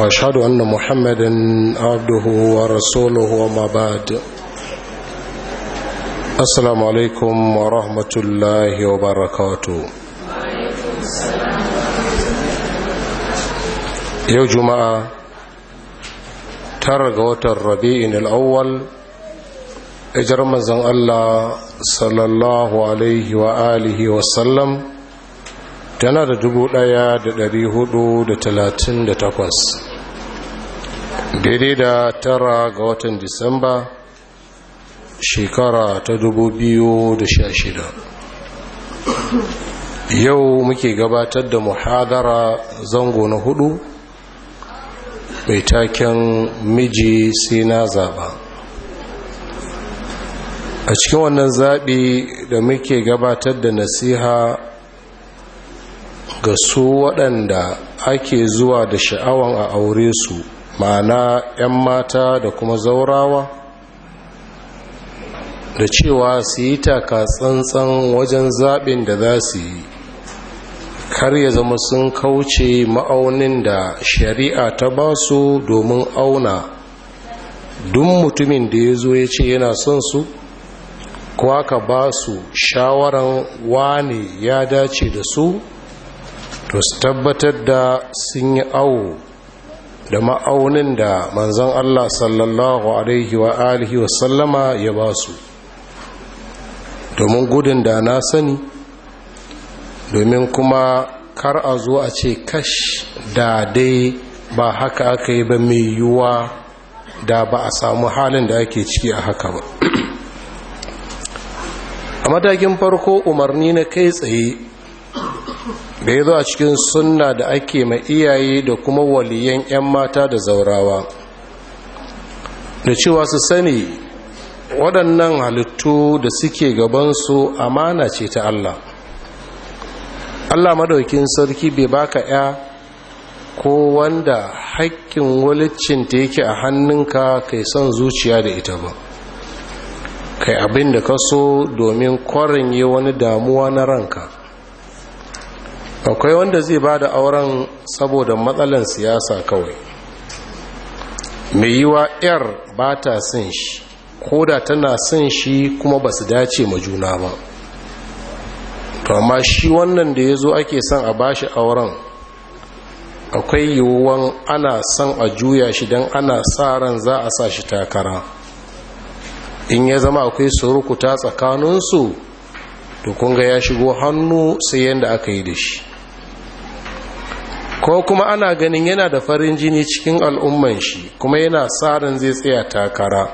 واشهد ان محمدا عبده ورسوله وما بعد السلام عليكم ورحمه الله وبركاته yau juma'a tara ga watan rabi'in al'awwal ijar manzan allah sallallahu tana da dubu ɗaya da dari hudu da talatin da takwas daidai da tara ga watan disamba shekara ta dubu biyu da sha shida. yau muke gabatar da muhadara zango na hudu mai taken miji sai na zaba a cikin wannan zaɓi da muke gabatar da nasiha ga su waɗanda ake zuwa da sha'awan a aure su ma'ana 'yan mata da kuma zaurawa da cewa su yi taka tsantsan wajen zaɓin da za su yi kar ya zama sun kauce ma'aunin da shari'a ta ba su domin auna duk mutumin da ya zo ya ce yana son su kuwa ka ba su shawaran wane ya dace da su to su tabbatar da sun yi awo da ma'aunin da manzon Allah sallallahu alaihi wa alihi wa sallama ya ba su domin gudun da na sani domin kuma kar a zo a ce kash da dai ba haka aka yi ba mai yiwuwa da ba a samu halin da ake ciki a haka ba a matakin farko umarni na kai tsaye da ya zo a cikin sunna da ake ma iyaye da kuma waliyan 'yan mata da zaurawa da cewa su sani waɗannan halittu da suke gabansu amana ce ta Allah Allah madaukin sarki bai baka 'ya ko wanda haƙƙin walicinta yake a hannunka kai son zuciya da ita ba kai abin da ka so domin kwarin yi wani damuwa na ranka akwai wanda zai ba da auren saboda matsalan siyasa kawai mai yiwa 'yar ba ta son shi ko da tana son shi kuma ba su dace ma juna ba to amma shi wannan da ya zo ake son a ba shi auren akwai yiwuwan ana son a juya shi don ana sa ran za a sa shi takara in ya zama akwai surukuta tsakaninsu to kunga ya shigo hannu sai yadda aka yi da shi ko kuma ana ganin yana da farin jini cikin al'umman shi kuma yana tsarin zai tsaya takara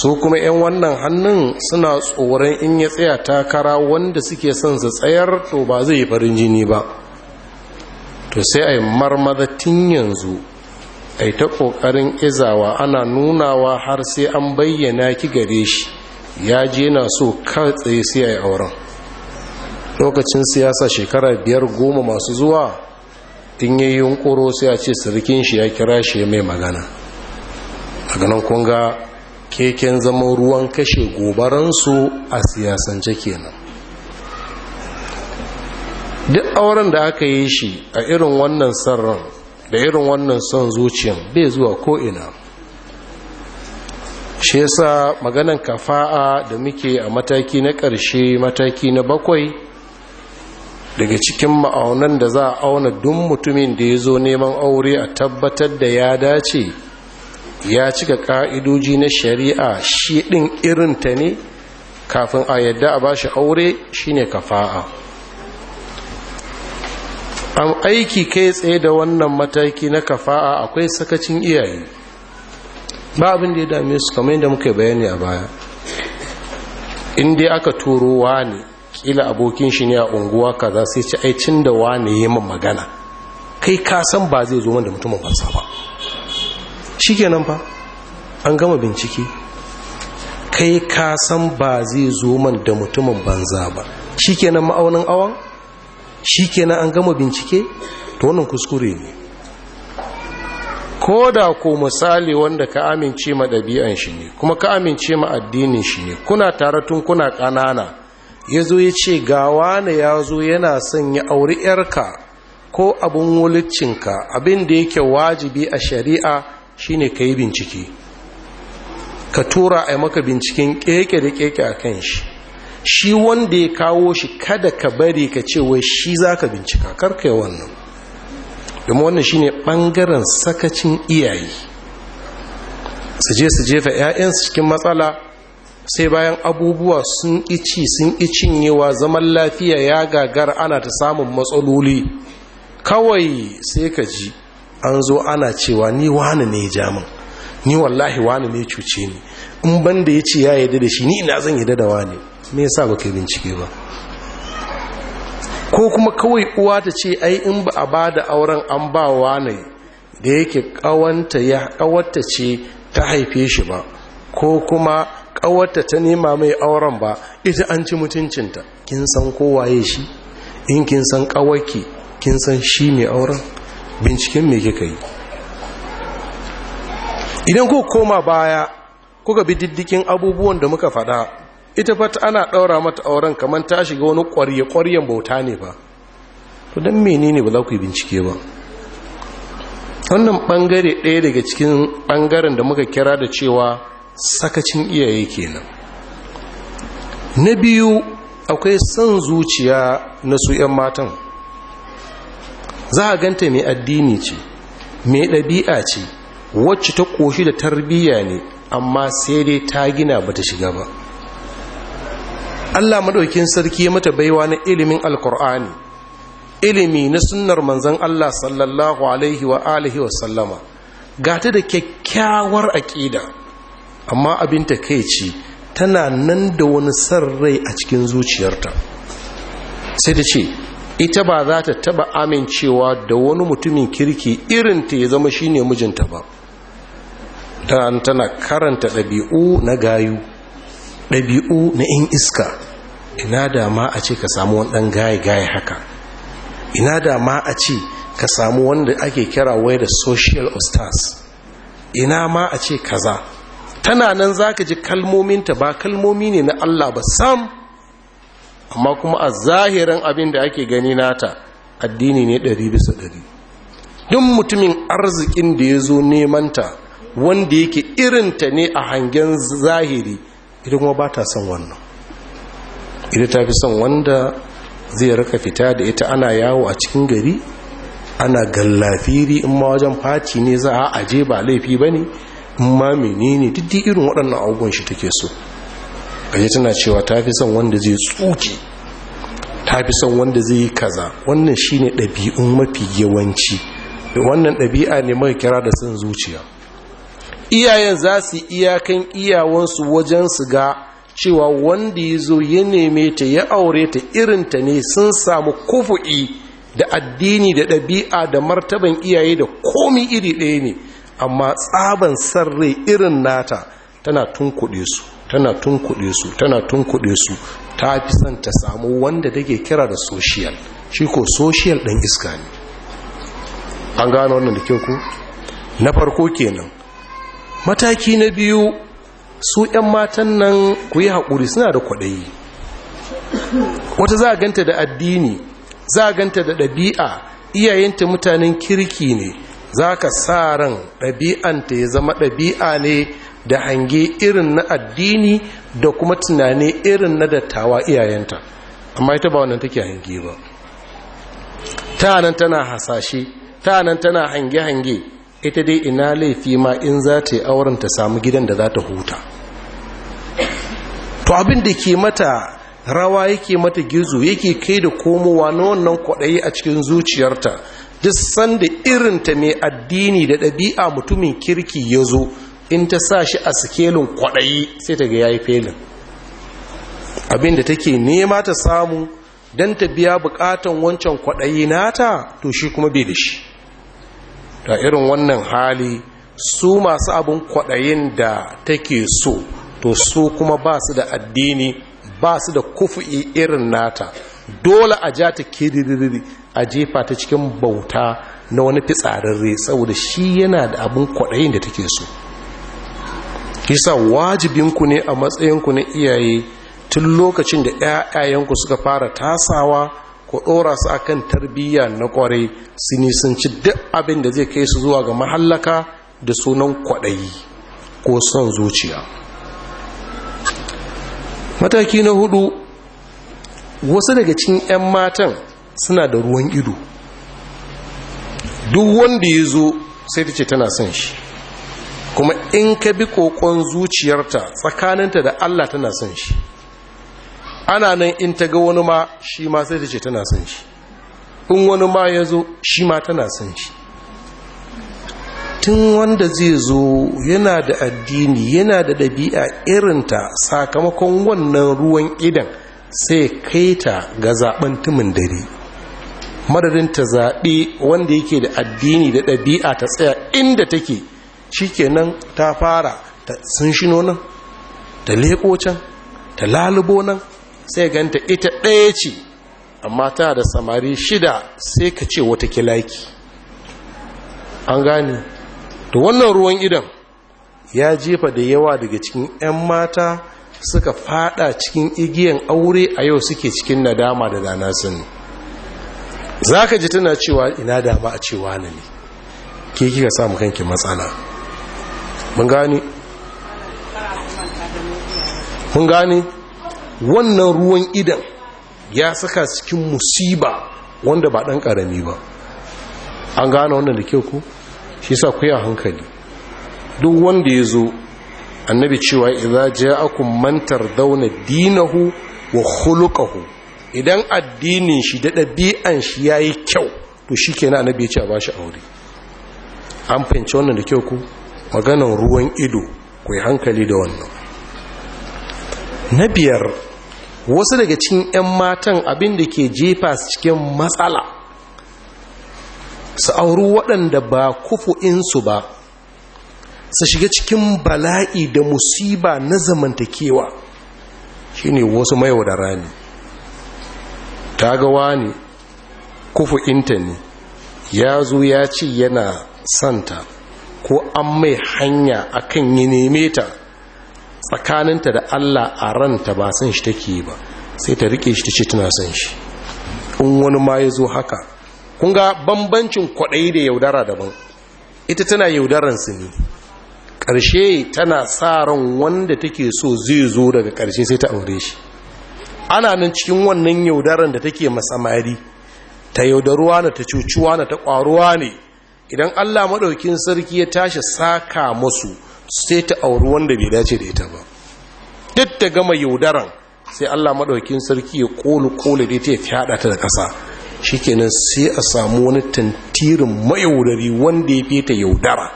su kuma 'yan wannan hannun suna tsoron in ya tsaya takara wanda suke son su tsayar to ba zai yi farin jini ba to sai a yi marmadatin yanzu a yi ta ƙoƙarin izawa ana nunawa har sai an bayyana ki gare shi ya je na so tsaye sai a yi auren lokacin siyasa shekara biyar goma masu zuwa tun yi yunkuro sai a ce sarkin shi ya kira shi ya mai magana a ganin kunga keken zama ruwan kashe gobaransu a siyasance kenan duk auren da aka yi shi a irin wannan sarran da irin wannan son zuciyan bai zuwa ko'ina shi yasa maganan kafa'a da muke a mataki na ƙarshe mataki na bakwai daga cikin ma'aunan da za a auna duk mutumin da ya zo neman aure a tabbatar da ya dace ya cika ka'idoji na shari'a shi ɗin ta ne kafin a yadda a ba shi aure shine kafa'a an aiki kai tsaye da wannan mataki na kafa'a akwai sakacin iyaye ba abin da ya dame su kamar yadda muka bayani a baya in dai aka turo ne kila abokin shi ne a unguwa kaza sai ci aicin da wane yi min magana kai ka san ba zai zo wanda mutumin bansa ba shikenan fa an gama bincike kai ka san ba zai zo man da mutumin banza ba shikenan ma'aunin awon shikenan an gama bincike to wannan kuskure ne ko da ko misali wanda ka amince ma ɗabi'an shi ne kuma ka amince ma addinin shi ne kuna tare tun kuna ƙanana ya zo ya ce gawa na ya zo yana son ya auri yarka ko abin wulicinka abin da yake wajibi a shari'a shine ka yi bincike ka tura a maka binciken keke da keke a kan shi shi wanda ya kawo shi kada ka bari ka ce wai shi za ka bincika karka yi wannan domin wannan shine ɓangaren sakacin iyaye su je su jefa 'ya'yansu cikin matsala sai bayan abubuwa sun ici sun yiwa zaman lafiya ya gagar ana ta samun matsaloli kawai sai ka ji an zo ana cewa ni wani ne jamin ni wallahi wani ne cuce ni in banda ya ce ya yi da shi ni ina zan yi da wani me yasa ba kai bincike ba ko kuma kawai uwa ta ce ai in ba a ba da auren an ba wani da yake kawanta ya kawata ce ta haife shi ba ko kuma ƙawarta ta nema mai auren ba ita an ci mutuncinta kin san kowaye shi in kin san ƙawarki kin san shi mai auren binciken me kika yi idan ku koma baya kuka bi diddikin abubuwan da muka faɗa ita fata ana ɗaura mata auren kamar ta shiga wani kwarye kwaryen bauta ne ba to don menene ba za ku bincike ba wannan bangare ɗaya daga cikin bangaren da muka kira da cewa sakacin iyaye kenan na biyu akwai son zuciya na su 'yan matan za a ganta mai addini ce mai ɗabi'a ce wacce ta ƙoshi da tarbiyya ne amma sai dai ta gina ba ta shiga ba allah maɗaukin sarki mata baiwa na ilimin alkur'ani ilimi na sunnar manzan allah sallallahu alaihi wa alihi wa sallama gata da kyakkyawar aƙida amma abin ta kai ce tana nan da wani san rai a cikin zuciyarta sai da ce ita ba za ta taba amincewa da wani mutumin kirki irin ta ya zama shi ne mijinta ba tana karanta ɗabi'u na gayu ɗabi'u na in iska ina da ma a ce ka samu wani gaye-gaye haka ina da ma a ce ka samu wanda ake kira wai da social stars ina ma a ce kaza tana nan za ka ji kalmominta ba kalmomi ne na Allah ba sam amma kuma a zahirin abin da ake gani nata addini ne ɗari bisa ɗari duk mutumin arzikin da ya zo nemanta wanda yake irinta ne a hangen zahiri ita kuma ba ta son wannan ita ta fi son wanda zai raka fita da ita ana yawo a cikin gari ana gallafiri in ma wajen faci ne za a aje ba laifi ba ne ma menene ne irin waɗannan abubuwan shi take so gaje tana cewa ta fi son wanda zai tsuki ta fi son wanda zai yi kaza wannan shi ne ɗabi'un mafi yawanci wannan ɗabi'a ne mai kira da son zuciya iyayen za su iyakan iyawansu wajen su ga cewa wanda ya zo ya neme ta ya aure ta irinta ne sun samu kufu'i da addini da ɗabi'a da martaban iyaye da komi iri ɗaya ne amma tsaban rai irin nata tana tunkuɗe su tana tunkuɗe su tana tunkuɗe su ta fi son ta samu wanda take kira da social shi ko social ɗan iska ne an gano wannan da kyau ku na farko kenan mataki na biyu su 'yan matan nan ku yi haƙuri suna da kwaɗayi wata za a ganta da addini za a ganta da ɗabi'a iyayenta mutanen kirki ne za ka sa ran ɗabi'anta ya zama ɗabi'a ne da hange irin na addini da kuma tunani irin na dattawa iyayenta amma ita ba wannan take hange ba ta nan tana hasashe ta nan tana hange-hange ita dai ina laifi ma in za ta yi auren ta samu gidan da za ta huta to abin da ke mata rawa yake mata gizo yake kai da komowa na wannan kwaɗayi a cikin zuciyarta duk sanda irinta mai addini da ɗabi'a mutumin kirki ya zo in ta sa shi a sikelin kwaɗayi sai ta ga ya yi felin abin da take nema ta samu don ta biya bukatan wancan kwaɗayi nata to shi kuma bai da shi ta irin wannan hali su masu abin kwaɗayin da take so to su kuma ba su da addini ba su da kufi irin nata dole a ja ta kiririri a jefa ta cikin bauta na wani fitsararre saboda shi yana da abin kwaɗayin da take so kisa wajibinku ne a matsayinku na iyaye tun lokacin da 'ya'yayenku suka fara tasawa ko ɗora su akan tarbiyya na ƙwarai su nisanci duk abin da zai kai su zuwa ga mahallaka da sunan kwaɗayi ko son zuciya mataki na hudu wasu daga cikin 'yan matan suna da ruwan ido duk wanda ya zo sai ta ce tana son shi kuma in ka bi kokon zuciyarta tsakaninta da Allah tana son shi ana nan in ta ga wani ma shi ma sai ta ce tana son shi in wani ma ya zo shi ma tana son shi tun wanda zai zo yana da addini yana da ɗabi'a irinta sakamakon wannan ruwan idan sai kai ta ga zaɓen tumin dare madadin ta zaɓi wanda yake da addini da ɗabi'a ta tsaya inda take shikenan ta fara ta sun shino nan ta leƙo ta lalubo nan sai ganta ita ɗaya ce amma ta da samari shida sai ka ce wata kilaki an gane Da wannan ruwan idan ya jefa da yawa daga cikin 'yan mata suka fada cikin igiyan aure a yau suke cikin nadama da dana sani za ka ji tana cewa ina dama a cewa na ne ke kika samu kanki matsala mun gani mun gani wannan ruwan idan ya saka cikin musiba wanda ba dan karami ba an gane wannan da kyau ku shi sa ku hankali duk wanda ya zo annabi cewa idza ja'akum man tardawna dinahu wa khuluquhu idan addinin shi da ɗabi'an shi ya yi kyau to shi ke na annabi ce a ba shi aure an fahimci wannan da kyau ku maganan ruwan ido ku yi hankali da wannan na biyar wasu daga cikin 'yan matan abin da ke jefa su cikin matsala su auru waɗanda ba kufu'insu ba su shiga cikin bala'i da musiba na zamantakewa shine wasu maiwa da ta ga wani kufu'inta ne ya zo ya ci yana santa ko an mai hanya akan yi neme ta tsakaninta da allah a ranta ba san shi take ba sai ta rike shi ta ce tana san shi in wani ma ya zo haka kunga bambancin kwaɗayi da yaudara daban ita tana su ne ƙarshe tana sa ran wanda take so zai zo daga ƙarshe sai ta aure shi ana nan cikin wannan yaudaran da take masamari ta yaudaruwa na ta cucuwa na ta ƙwaruwa ne idan allah maɗaukin sarki ya tashi saka masu sai ta auri wanda bai dace da ita ba duk da gama yaudaran sai allah maɗaukin sarki ya ƙoli ƙoli da ta fyaɗa ta da ƙasa shikenan sai a samu wani tantirin mayaudari wanda ya feta yaudara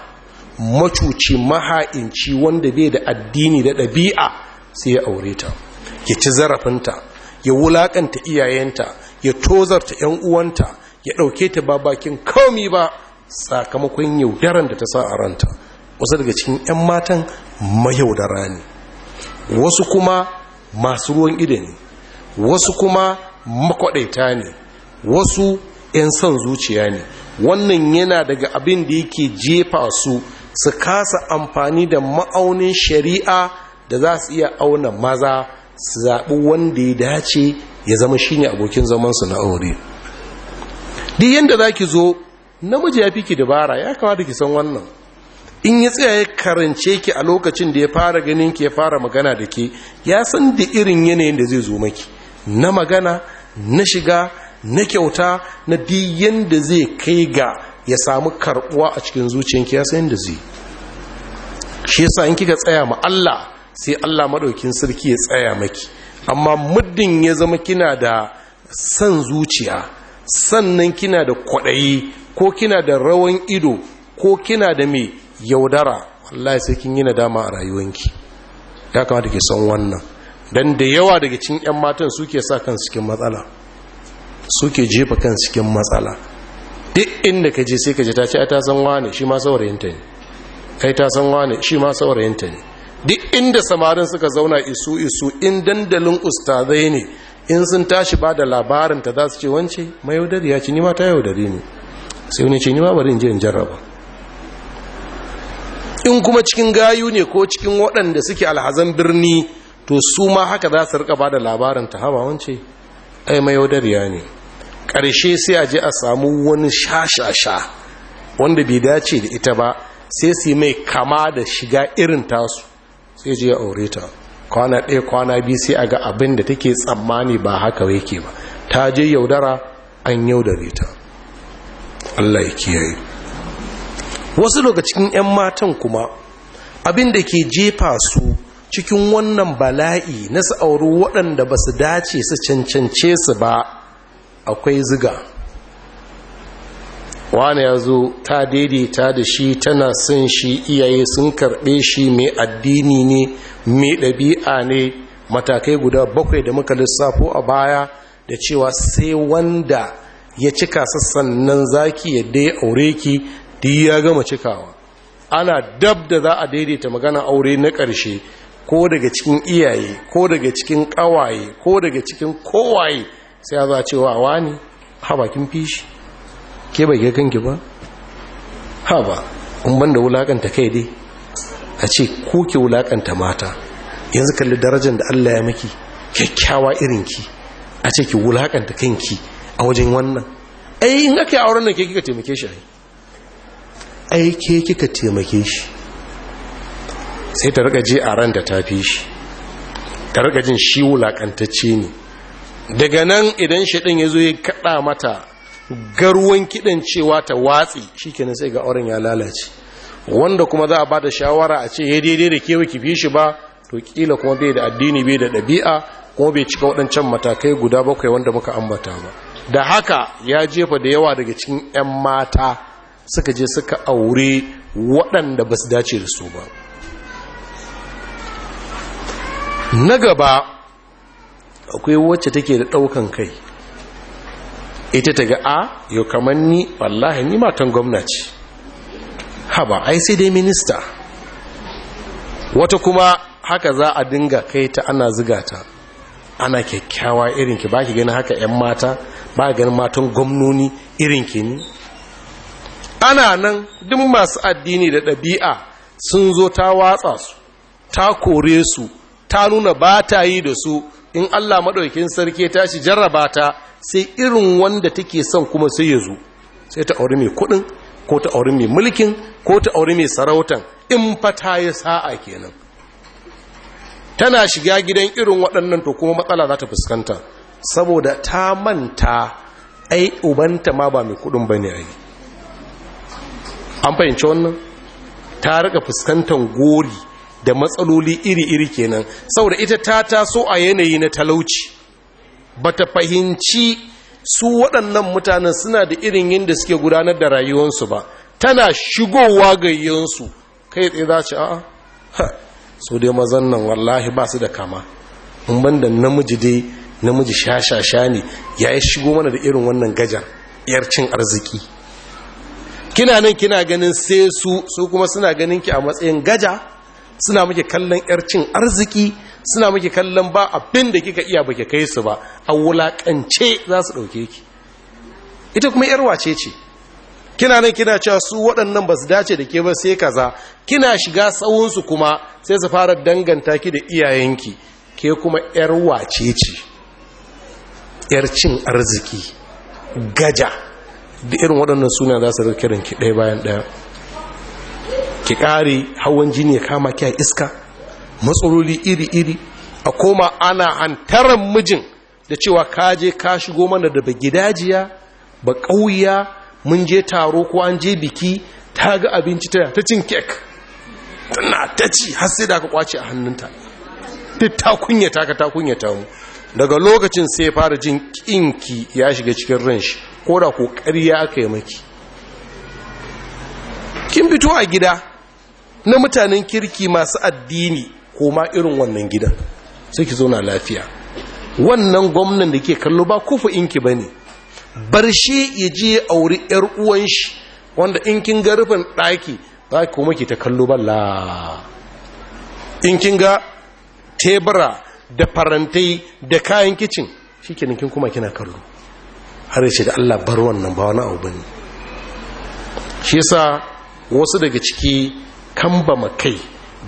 macuci maha'inci wanda bai da addini da ɗabi'a sai ya aure ta ya ci zarafinta ya wulaƙanta iyayenta ya tozarta 'yan uwanta ya ɗauke ta ba bakin komi ba sakamakon yaudaran da ta sa a ranta wasu daga cikin 'yan matan mayaudara ne wasu kuma masu ruwan ido ne wasu kuma makwaɗaita ne wasu 'yan son zuciya ne wannan yana daga abin da yake jefa su su kasa amfani da ma'aunin shari'a da za su iya auna maza zaɓi wanda ya dace ya zama shi ne abokin zamansu na aure duk yadda za ki zo namiji ya fi ki dabara ya kamata ki san wannan in ya tsaya ya karance ki a lokacin da ya fara ganin ki ya fara magana da ke ya san da irin yanayin da zai zo maki na magana na shiga na kyauta na duk yadda zai kai ga ya samu karɓuwa a cikin zuciyanki ya san yadda zai shi yasa in kika tsaya ma Allah sai Allah maɗaukin sarki ya tsaya maki amma muddin ya zama kina da san zuciya sannan kina da kwaɗayi ko kina da rawan ido ko kina da mai yaudara wallahi sai kin yi nadama a rayuwanki ya kamata ke son wannan dan da yawa daga cikin 'yan matan suke sa kan cikin matsala suke jefa kan cikin matsala duk inda ka je sai ka ji ta ce ai ta san wane shi ma saurayinta ne ai ta san wane shi ma saurayinta ne duk inda samarin suka zauna isu isu in dandalin ustazai ne in sun tashi ba da labarin ta za su ce wance mai yaudari ya ce nima ta yaudari ne sai wani ce nima bari in je in jarraba in kuma cikin gayu ne ko cikin waɗanda suke alhazan birni to su ma haka za su rika ba da labarin ta hawa wance ai mai ya ne ƙarshe sai a je a samu wani shashasha wanda bai dace da ita ba sai su yi mai kama da shiga irin tasu sai je ya aure ta kwana ɗaya kwana biyu sai a ga abin da take tsammani ba haka yake ba ta je yaudara an yaudare ta Allah ya kiyaye wasu daga cikin 'yan matan kuma abin da ke jefa su cikin wannan bala'i na su auri waɗanda ba su dace su cancance su ba akwai ziga wani ya zo ta daidaita da shi tana son shi iyaye sun karɓe shi mai addini ne mai ɗabi'a ne matakai guda bakwai da muka lissafo a baya da cewa sai wanda ya cika sassan nan zaki yadda ya aure ki da ya gama cikawa ana dab da za a daidaita magana aure na ƙarshe ko daga cikin iyaye ko daga cikin ƙawaye ko daga cikin kowaye sai ya za cewa wani habakin fishi ke bai ga kanki ba ha ba in ban wulakanta kai dai a ce ko ke wulakanta mata yanzu kalli darajar da Allah ya maki kyakkyawa irin ki? a ce ki wulakanta kanki a wajen wannan ai in aka yi auren nan ke kika taimake shi ai ai ke kika taimake shi sai ta rika a ran da ta fi shi ta rika shi wulakantacce ne daga nan idan shi ɗin ya zo ya kaɗa mata garwan kidan cewa ta watsi shikenan sai ga auren ya lalace wanda kuma za a ba da shawara a ce ya daidai da kewa ki fi shi ba to kila kuma bai da addini bai da ɗabi'a kuma bai cika waɗancan matakai guda bakwai wanda muka ambata ba da haka ya jefa da yawa daga cikin 'yan mata suka je suka aure waɗanda ba su dace da su ba na gaba akwai wacce take da ɗaukan kai ita ta ga a yau kamar ni wallahi ni matan gwamnati haba ai sai dai minista wata kuma haka za a dinga kai ta ana ziga ta ana kyakkyawa irinki ba ki gani haka 'yan mata ba ganin matan gwamnoni irinki ne ana nan duk masu addini da ɗabi'a sun zo ta watsa su ta kore su ta nuna ba ta yi da su in Allah maɗaukin sarki ya tashi jarraba ta sai irin wanda take son kuma sai ya zo sai ta auri mai kuɗin ko ta auri mai mulkin ko ta auri mai sarautan in fata ya sa'a kenan tana shiga gidan irin waɗannan to kuma matsala za ta fuskanta saboda ta manta ai ubanta ma ba mai kuɗin ba ne ai an fahimci wannan ta rika fuskantar gori da matsaloli iri-iri kenan saboda ita ta taso a yanayi na talauci ba ta fahimci su waɗannan mutanen suna da irin yadda suke gudanar da rayuwarsu ba tana shigowa gayyansu kai tsaye za ci a'a so dai mazan nan wallahi ba su da kama in ban da namiji dai namiji shashasha ne ya yi shigo mana da irin wannan gajar yar cin arziki kina nan kina ganin sai su su kuma suna ganin ki a matsayin gaja suna muke kallon yar cin arziki suna muke kallon ba abin da kika iya baki kai su ba a wulaƙance za su ɗauke ki ita kuma yar wace ce kina nan kina cewa su waɗannan ba su dace da ke ba sai kaza kina shiga tsawonsu kuma sai su fara danganta ki da iyayenki ke kuma yar wace ce yar cin arziki gaja da irin waɗannan suna za su kiran ki ɗaya bayan ɗaya ki kare hawan jini ya kama ki iska matsaloli iri-iri a koma ana hantaran mijin da cewa ka je ka shigo mana da gidajiya ba ƙauya mun je taro ko an je biki ta ga abinci ta ta cin kek tana ta ci har sai da ka kwace a hannunta duk ta kunyata ka ta kunyata mu daga lokacin sai fara jin kinki ya shiga cikin ran shi ko da ko ƙarya aka yi maki kin fito a gida na mutanen kirki masu addini koma irin wannan gidan sai ki na lafiya wannan gwamnan da ke kallo ba kufa inki ba ne bar shi ya je auri yar uwan shi wanda in kin ga rufin ɗaki za ki kuma ki ta kallo la. in kin ga tebura da farantai da kayan kicin shi kenan kin kuma kina kallo har ya da Allah bar wannan ba wani abu bane shi yasa wasu daga ciki kambama kai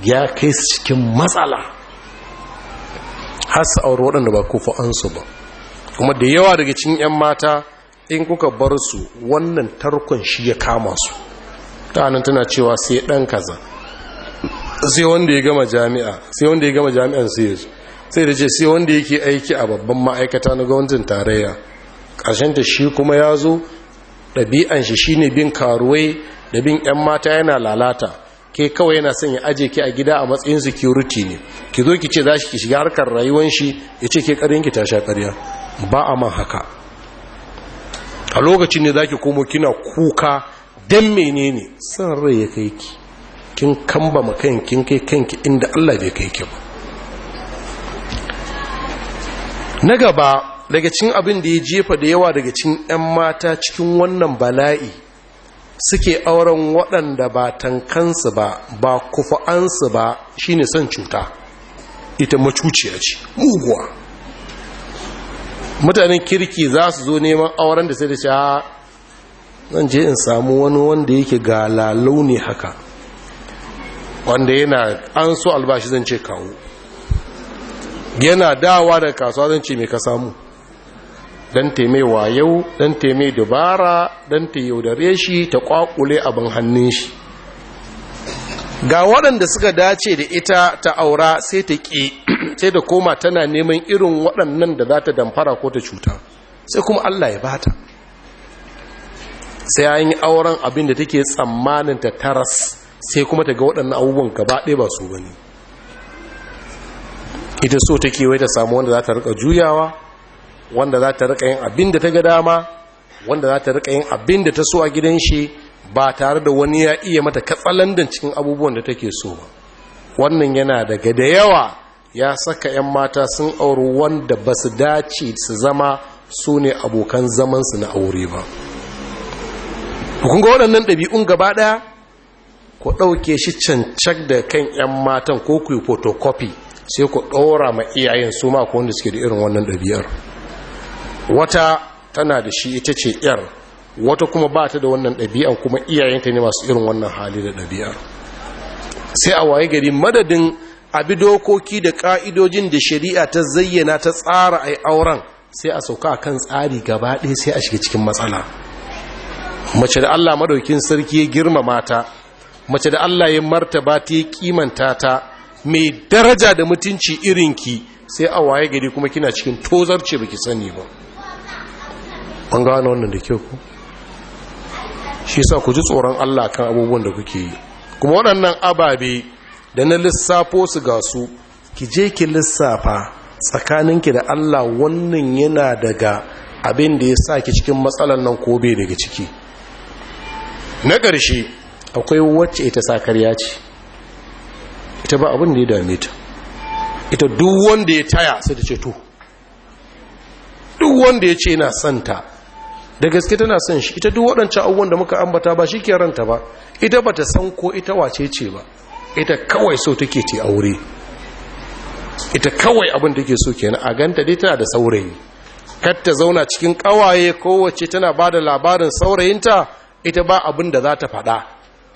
ya kai su cikin matsala har auri waɗanda ba kofa an su ba kuma da yawa daga cin 'yan mata in kuka bar su wannan tarkon shi ya kama su ta nan tana cewa sai ɗan kaza sai wanda ya gama jami'a sai wanda ya gama jami'an sai ya sai da ce sai wanda yake aiki a babban ma'aikata na gwamnatin tarayya ta shi kuma ya zo ɗabi'an shi shine bin karuwai da bin 'yan mata yana lalata ke kawai yana son ya aje ki a gida a matsayin security ne ki zo ki ce za ki shiga harkar rayuwar shi ya ce ke karin ki ta sha ƙarya ba a man haka a lokacin ne za ki komo kina kuka don menene son rai ya kai ki kin kamba ma kan kin kai kanki inda Allah bai kai ki ba na gaba daga cikin abin da ya jefa da yawa daga cin 'yan mata cikin wannan bala'i suke auren waɗanda ba tankansu ba ba kufa'ansu ba shine son cuta ita macuciya ce muguwa mutanen kirki za su zo neman auren da sai da sha zan je in samu wani wanda yake ga ne haka wanda yana an so albashi zan ce kawo yana dawa da kasuwa zan ce mai ka samu don taimai wayau don mai dubara don ta yaudare shi ta kwakule abin hannun shi ga waɗanda suka dace da ita ta aura sai ta ƙi sai da koma tana neman irin waɗannan da za ta damfara ko ta cuta sai kuma allah ya bata sai yayin auren abin da take tsammanin ta taras sai kuma ta ga waɗannan abubuwan gaba ɗaya ba su ba ne ita so take wai ta samu wanda za ta rika juyawa wanda za ta rika yin abin da ta ga dama wanda za ta rika yin abin da ta so a gidan shi ba tare da wani ya iya mata katsalandan cikin abubuwan da take so ba wannan yana daga da yawa ya saka 'yan mata sun auri wanda ba su dace su zama su ne abokan zamansu na aure ba ga waɗannan ɗabi'un gaba ɗaya ku ɗauke shi cancak da kan 'yan matan ko ku yi photocopy sai ku ɗora ma iyayen su ma ku wanda suke da irin wannan ɗabi'ar wata tana da shi ita ce yar wata kuma ba ta da wannan ɗabi'an kuma iyayenta ne masu irin wannan hali da ɗabi'a sai a waye gari madadin abi dokoki da ƙa'idojin da shari'a ta zayyana ta tsara a yi auren sai a sauka kan tsari gaba ɗaya sai a shiga cikin matsala mace da allah maɗaukin sarki ya girmamata mata mace da allah ya martaba ta ya kimanta ta mai daraja da mutunci irinki sai a waye gari kuma kina cikin tozarce baki sani ba an gano wannan da kyau ku shi sa ku ji tsoron Allah kan abubuwan da kuke yi kuma waɗannan ababe da na lissafo su ga su ki je ki lissafa tsakanin ki da Allah wannan yana daga abin da ya sa ki cikin matsalan nan ko bai daga ciki na ƙarshe akwai wacce ita karya ce ita ba abin da ya dame ta ita duk wanda ya taya sai da ce to duk wanda ya ce na santa da gaske tana son shi ita duk waɗancan abubuwan da muka ambata ba shi ke ranta ba ita ba ta san ko ita wace ce ba ita kawai so take ce aure ita kawai abin da ke so kenan a ganta dai tana da saurayi kar ta zauna cikin kawaye kowace tana ba da labarin saurayinta ita ba abin da za ta faɗa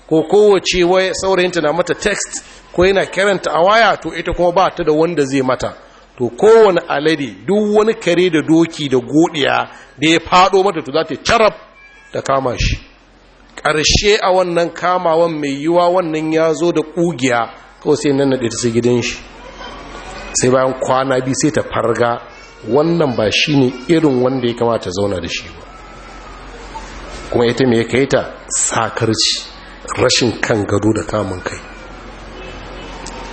ko kowace saurayinta na mata text ko yana kiranta a waya to ita kuma ba ta da wanda zai mata to kowane alade duk wani kare da doki da godiya da ya fado mata to za ta carab ta kama shi ƙarshe a wannan kamawan mai yiwa wannan ya zo da ƙugiya kawai sai nan naɗe ta sai gidan shi sai bayan kwana biyu sai ta farga wannan ba shi ne irin wanda ya kamata zauna da shi ba kuma ita mai kai ta sakarci rashin kan gado da kamun kai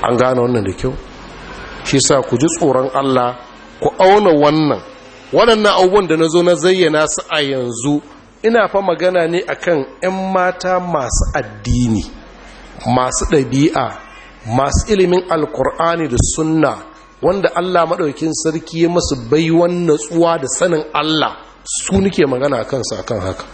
an gane wannan da kyau shi sa ku ji tsoron Allah ku auna wannan waɗannan abubuwan da na zo na zayyana su a yanzu ina fa magana ne akan 'yan mata masu addini masu ɗabi'a masu ilimin alkur'ani da sunna wanda Allah maɗaukin sarki ya masu baiwan natsuwa da sanin Allah su nike magana kansu kan haka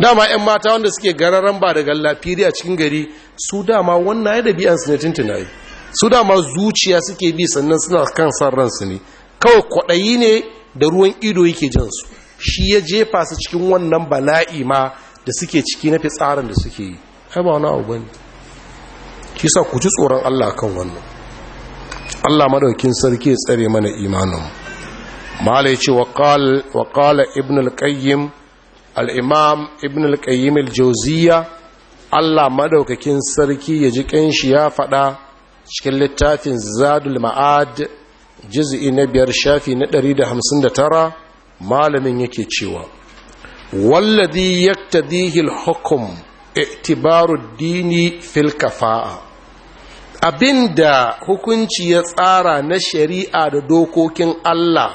dama 'yan mata wanda suke gararan ba da gallafi a cikin gari su dama wannan ya ɗabi'ansu ne tuntunayi su dama zuciya suke bi sannan suna kan san ransu ne kawai kwaɗayi ne da ruwan ido yake jan su shi ya jefa su cikin wannan bala'i ma da suke ciki na fitsarin da suke yi ai ba wani abu Ki shi sa ku ci tsoron Allah kan wannan Allah madaukin sarki ya tsare mana imanin mala yace wa ibn al-qayyim al-imam ibn al-qayyim Allah madaukakin sarki ya ji kanshi ya faɗa cikin littafin zadul ma'ad juz'i na biyar shafi na tara, malamin yake cewa wallazi yaktadihi al-hukm i'tibaru dini fil kafa'a abinda hukunci ya tsara na shari'a da dokokin Allah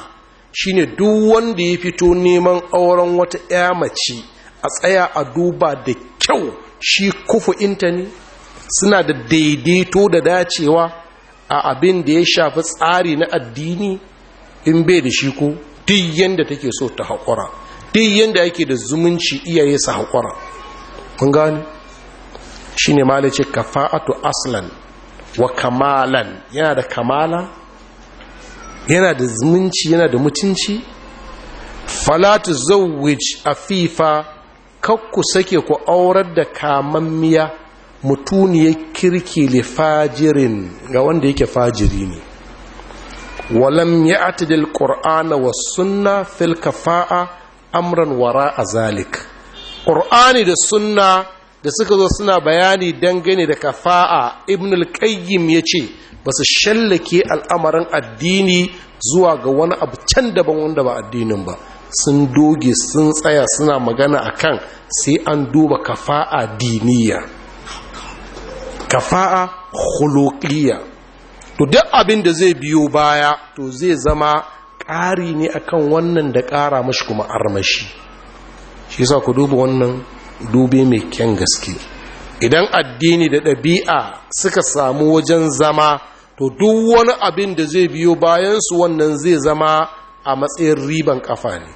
shine duk wanda ya fito neman auren wata ƴa mace a tsaya a duba da kyau shi kufu intani? suna da daidaito da dacewa a abin da ya shafi tsari na addini in bai da shi ko duk yadda take so ta haƙura duk yadda yake da zumunci iyaye su haƙura kun gani shi ne malice kafa'atu aslan wa kamalan yana da kamala yana da zumunci yana da mutunci falatu zawwij afifa kakku sake ku aurar da kamammiya mutuniyar kirki le fajirin ga wanda yake fajiri ne walam ya atidil ƙor'ana wa sunna fil kafa'a amran wara a zalik ƙor'ani da sunna da suka zo suna bayani dangane da kafa'a ibn al-qayyim ya ce ba su shallake al'amarin addini zuwa ga wani abu can daban wanda ba addinin ba sun doge sun tsaya suna magana akan sai an duba kafa'a diniya kafa'a khuluqiyya to duk abin da zai biyo baya to zai zama ƙari ne akan wannan da ƙara mashi kuma armashi shi yasa ku duba wannan dubi mai kyan gaske idan addini da ɗabi'a suka samu wajen zama to duk wani abin da zai biyo bayansu wannan zai zama a matsayin riban kafa ne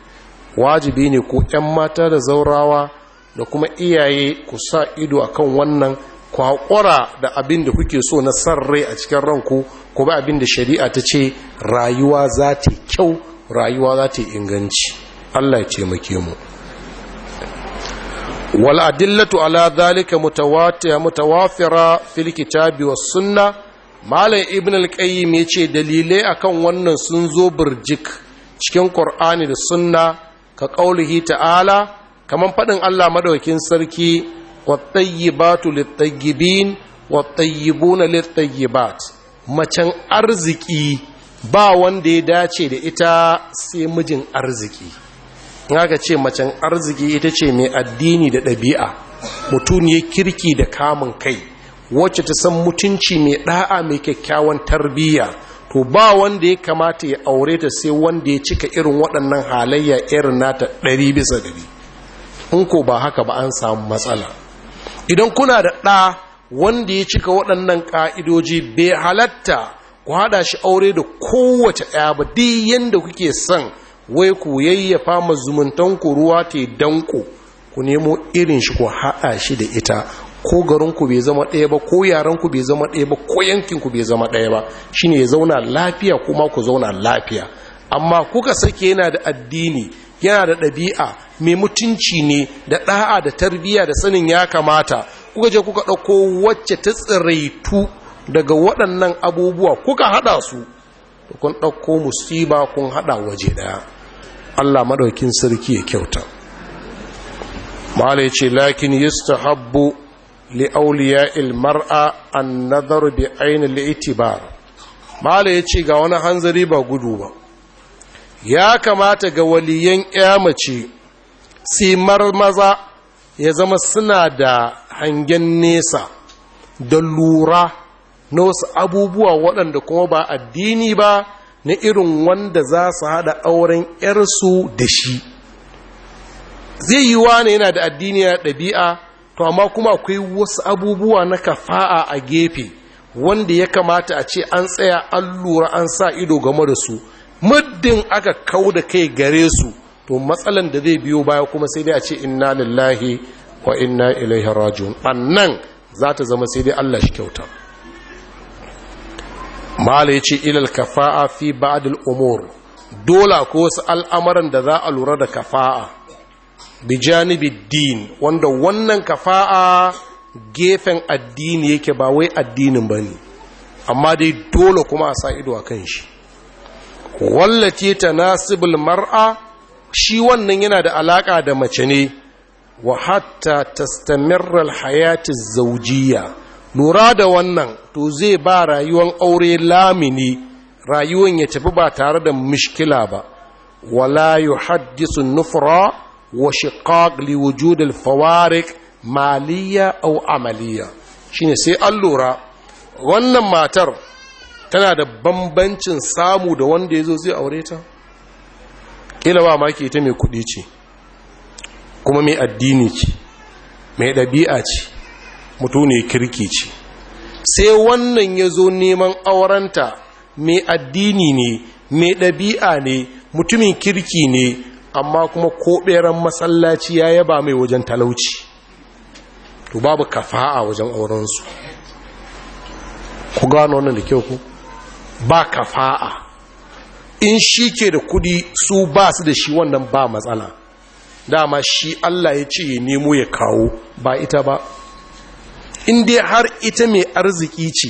wajibi ne ko 'yan mata da zaurawa da kuma iyaye ku sa ido akan wannan kwakwara da abin da kuke so na san rai a cikin ranku ku ba abin da shari'a ta ce rayuwa za ta kyau rayuwa za ta inganci Allah ya taimake mu wal adillatu ala dhalika mutawatiya mutawafira fil kitabi was sunna malam ibn al-qayyim yace dalilai akan wannan sun zo burjik cikin qur'ani da sunna ka qaulihi ta'ala Kamar fadin Allah madaukin sarki wattayyibatu littayyibin wattayyibuna littayyibat macen arziki ba wanda ya dace da ita sai mijin arziki ga ce macen arziki ita ce mai addini da ɗabi'a mutum ya kirki da kamun kai wacce ta san mutunci mai ɗa'a mai kyakkyawan tarbiyya to ba wanda ya kamata ya aure ta sai wanda ya cika irin waɗannan halayya irin nata ɗari bisa ɗari in ko ba haka ba an samu matsala idan kuna da ɗa wanda ya cika waɗannan ƙa'idoji bai halatta ku haɗa shi aure da kowace ɗaya ba duk yadda kuke son wai ku yayyafa ma zumuntanku ruwa ta danko ku nemo irin shi ku haɗa shi da ita ko garinku bai zama ɗaya ba ko yarenku bai zama ɗaya ba ko yankinku bai zama ɗaya ba shine ya zauna lafiya kuma ku zauna lafiya amma kuka sake yana da addini yana da ɗabi'a mai mutunci ne da ɗa'a da tarbiyya da sanin ya kamata kuka je kuka ɗauko wacce ta tsiraitu daga waɗannan abubuwa kuka haɗa su da kun ɗauko musiba kun haɗa waje ɗaya allah maɗaukin sarki ya kyauta malai ce lakin ta habbu auliya ilmar'a an nazar bi ainihin li'itibar malai ya ce ga wani hanzari ba gudu ba ya kamata ga waliyan ya mace simar maza ya zama suna da hangen nesa da lura na wasu abubuwa waɗanda kuma ba addini ba na irin wanda za su haɗa auren 'yarsu da shi zai yi wane yana da addini ɗabi'a to amma kuma akwai wasu abubuwa na kafa'a a gefe wanda ya kamata a ce an tsaya an lura an sa ido game da su muddin aka kau da kai gare su to matsalan da zai biyo baya kuma sai dai a ce inna lillahi wa inna ilaihi rajiun annan za ta zama sai dai Allah shi kyauta mala yace ilal kafa'a fi ba'd al umur dola ko wasu al'amuran da za a lura da kafa'a bi janibi din wanda wannan kafa'a gefen addini yake ba wai addinin bane amma dai dole kuma a sa ido a kan shi Wallace ta nasibul mar'a shi wannan yana da alaka da mace ne wa hatta tastamirra alhayati zawjiyya lura da wannan to zai ba rayuwar aure lamini rayuwar ya tafi ba tare da mishkila ba wala yuhaddisu nufra wa shiqaq li wujud alfawariq maliyya aw amaliya? shine sai an lura wannan matar tana da bambancin samu da wanda ya zo zai aure ta ƙila ba ma ke ta mai kuɗi ce kuma mai addini ce mai ɗabi'a ce mutu kirki ce sai wannan ya zo neman aurenta mai addini ne mai ɗabi'a ne mutumin kirki ne amma kuma ko ɓeran masallaci ya yaba mai wajen talauci to babu kafa'a wajen aurensu ku gano wannan da kyau ku ba kafa'a in shi ke da kudi su ba su da shi wannan ba matsala dama shi Allah ya ce ya nemo ya kawo ba ita ba in dai har ita mai arziki ce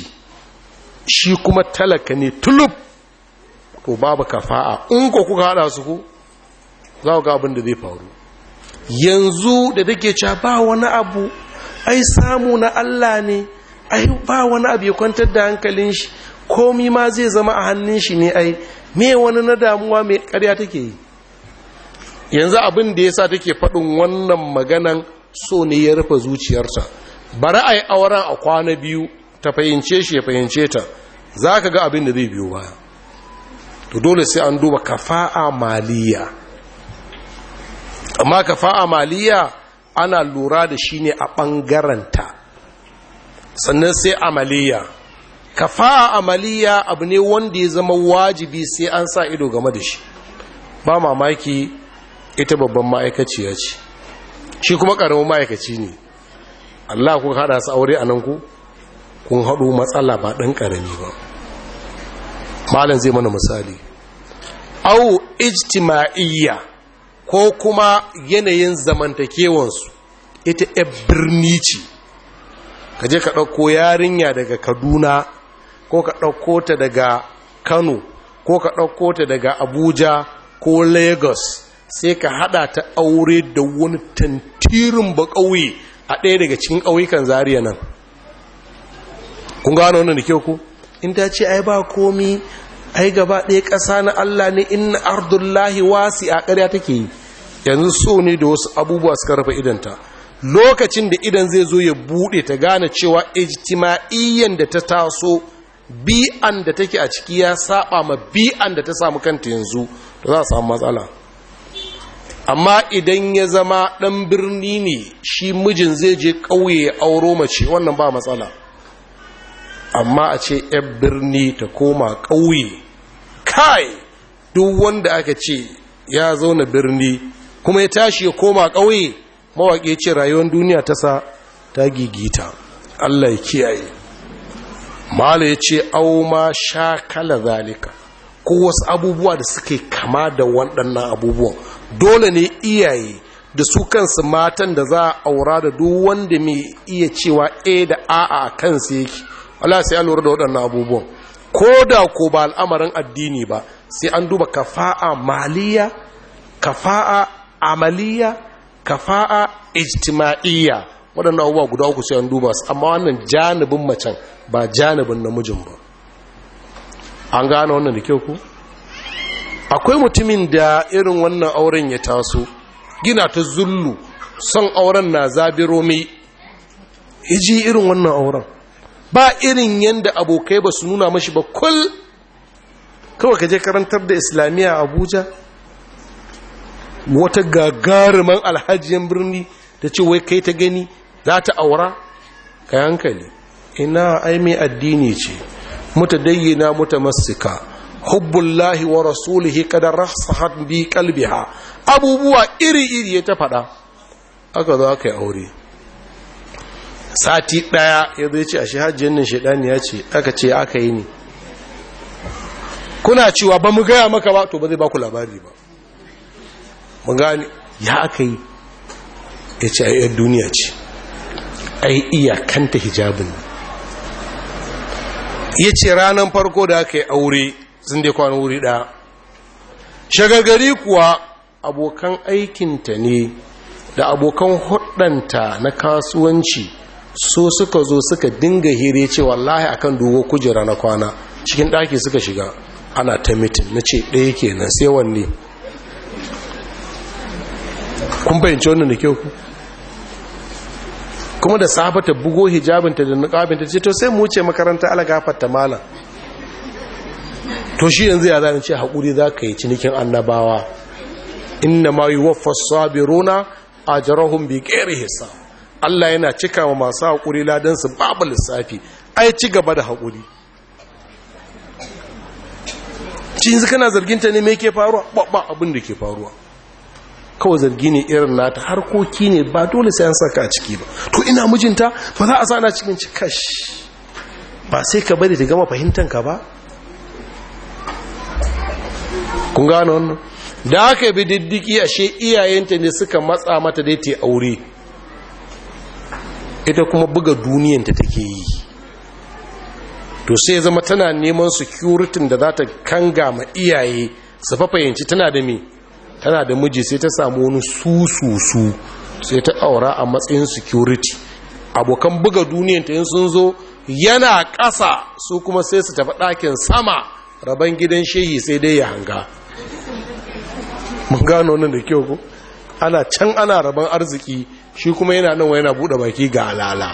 shi kuma talaka ne tulub to babu kafa'a in ko kuka hada su ku za ku ga abin da zai faru yanzu da take cewa ba wani abu ai samu na Allah ne ai ba wani abu ya kwantar da hankalin shi komi ma zai zama a hannun shi ne ai me wani na damuwa mai karya take yi yanzu abin da ya sa take faɗin wannan maganan so ne ya rufe zuciyarsa bari a yi auren a kwana biyu ta fahimce shi ya fahimce ta za ka ga abin da zai biyu ba, to dole sai an duba kafa'a maliya amma kafa'a maliya ana lura da shi ne a ɓangaranta sannan sai amaliya kafa amaliya abu ne wanda ya zama wajibi sai an sa ido game da shi ba mamaki ita babban ma'aikaciya ce shi kuma karamin ma'aikaci ne Allah kun haɗa su aure a nan ku kun haɗu matsala ba ɗan ƙarami ba malam zai mana misali au ijtima'iyya ko kuma yanayin zamantakewansu ita ebirnici birni ce ka je ka ɗauko yarinya daga kaduna ko ka ɗauko ta daga kano ko ka ɗauko ta daga abuja ko lagos sai ka haɗa ta aure da wani tantirin baƙauye a ɗaya daga cikin ƙauyukan zariya nan kun gano wannan da ke ku in ta ce ai ba komi ai gaba ɗaya ƙasa na allah ne in ardullahi wasi a ƙarya take yi yanzu so ne da wasu abubuwa suka rufe idanta lokacin da idan zai zo ya buɗe ta gane cewa ijtima'iyyan da ta taso bi'an da take a ciki ya saba ma bi'an da ta samu kanta yanzu da za a samu matsala amma idan ya zama ɗan birni ne shi mijin zai je ƙauye auro mace wannan ba matsala amma a ce ‘yan birni ta koma ƙauye kai duk wanda aka ce ya zauna birni kuma ya tashi ya koma ƙauye mawaƙi ce rayuwar duniya ta sa ta gigita Allah ya kiyaye mala ya ce auma sha kala zalika ko wasu abubuwa da suke kama da waɗannan abubuwan dole ne iyaye da su kansu matan da za a aura da duk wanda mai iya cewa a da a'a a kansu yake Allah sai an lura da waɗannan abubuwan ko da ko ba al'amarin addini ba sai an duba kafa'a maliya kafa'a amaliya kafa'a ijtima'iyya waɗannan abubuwa guda uku sai an duba su amma wannan janibin macen ba janibin namijin ba an gane wannan da kyau ku akwai mutumin da irin wannan auren ya taso gina ta zullu son auren na zabi romi iji irin wannan auren ba irin yadda abokai ba su nuna mashi ba kul kawai ka je karantar da islamiyya abuja wata gagaruman alhajiyan birni ta ce wai kai ta gani za ta aura ka yankali ina ai addini ce Muta mutadayyina mutamassika hubbullahi wa rasulihi kada rahsahat bi ha abubuwa iri iri ya ta faɗa aka zo aka yi aure sati ɗaya ya zai ce a shi nan shaidani ya ce aka ce aka yi ne kuna cewa ba mu gaya maka ba to ba zai baku labari ba mu gani ya aka yi ya ce a yi duniya ce ai iyakanta hijabin ya ce ranar farko da aka yi aure sun dai kwanu wuri ɗaya shagagari kuwa abokan aikinta ne da abokan hudanta na kasuwanci so suka zo suka dinga hire ce wallahi akan dogo kujera na kwana cikin ɗaki suka shiga ana ta mitin na ce ɗaya kenan sai wanne kun fahimci wannan da kyau ku kuma da safa ta bugo hijabinta da niqabinta ce to sai mu wuce makaranta alagafar ta malam to shi yanzu ya zane ce za ka yi cinikin annabawa inna ma yuwaffas sabiruna jarahun bi ghairi hisa Allah yana cika wa masu hakuri ladan su babu lissafi ai ci gaba da hakuri cin na zargin ta ne me ke faruwa ba abin da ke faruwa kawai zargi ne irin nata harkoki ne ba dole sai an saka a ciki ba to ina mijinta ba za a sana cikin cikash ba sai ka bari ta gama fahimtanka ba kun gano wannan da aka bi diddiki ashe iyayenta ne suka matsa mata dai ta aure ita kuma buga duniyanta take yi to sai zama tana neman security da za ta kanga ma iyaye su fahimci tana da mi tana da miji sai ta samu wani su su sai ta aura a matsayin security abokan buga duniyan ta yin sun zo yana ƙasa su kuma sai su tafi ɗakin sama rabon gidan shehi sai dai ya hanga mun gano nan da kyau ko ana can ana rabon arziki shi kuma yana nan wa yana buɗe baki ga alala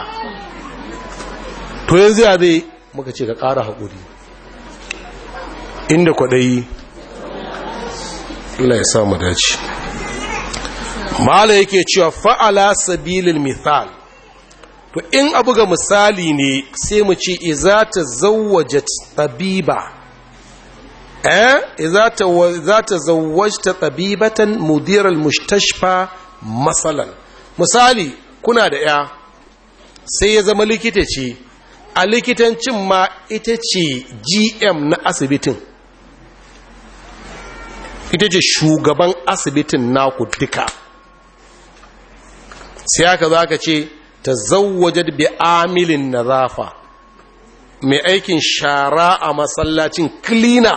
to yanzu ya zai muka ce ka ƙara haƙuri inda kwaɗayi Allah ya samu dace mala yake cewa fa'ala sabilil mithal to in abu ga misali ne sai mu ce iza ta zawwajat tabiba eh iza ta iza ta zawwajta tabibatan mudir al mustashfa masalan misali kuna da ya sai ya zama likita ce a likitancin ma ita ce gm na asibitin ita ce shugaban asibitin naku duka sai aka za ka ce ta zauwajar bi amilin nazafa mai aikin shara a masallacin kilina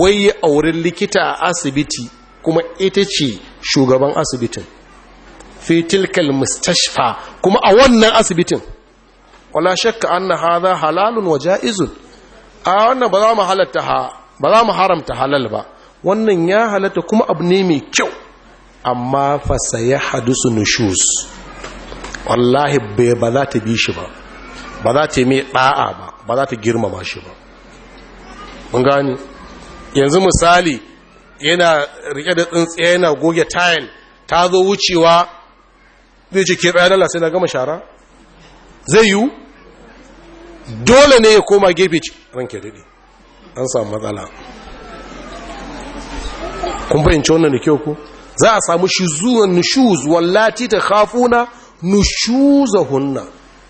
wai ya auri likita a asibiti kuma ita ce shugaban asibitin fitilkal mustashfa kuma a wannan asibitin wala shakka anna hadha halalun wa ja'izun a wannan ba za ba za mu haramta halal ba wannan ya halatta kuma abu ne mai kyau amma fasa ya hadusu nushus wallahi ba za ta bi shi ba ba za ta mai ɗa'a ba ba za ta girmama shi ba mun gani yanzu misali yana rike da tsintsiya yana goge tile ta zo wucewa zai ce ke tsaye dala sai na gama shara zai yiwu dole ne ya koma gefe ranke daɗi an samu matsala kun fahimci wannan da kyau ko za a samu shizuwan nushuz wallati ta khafuna nushuzahunna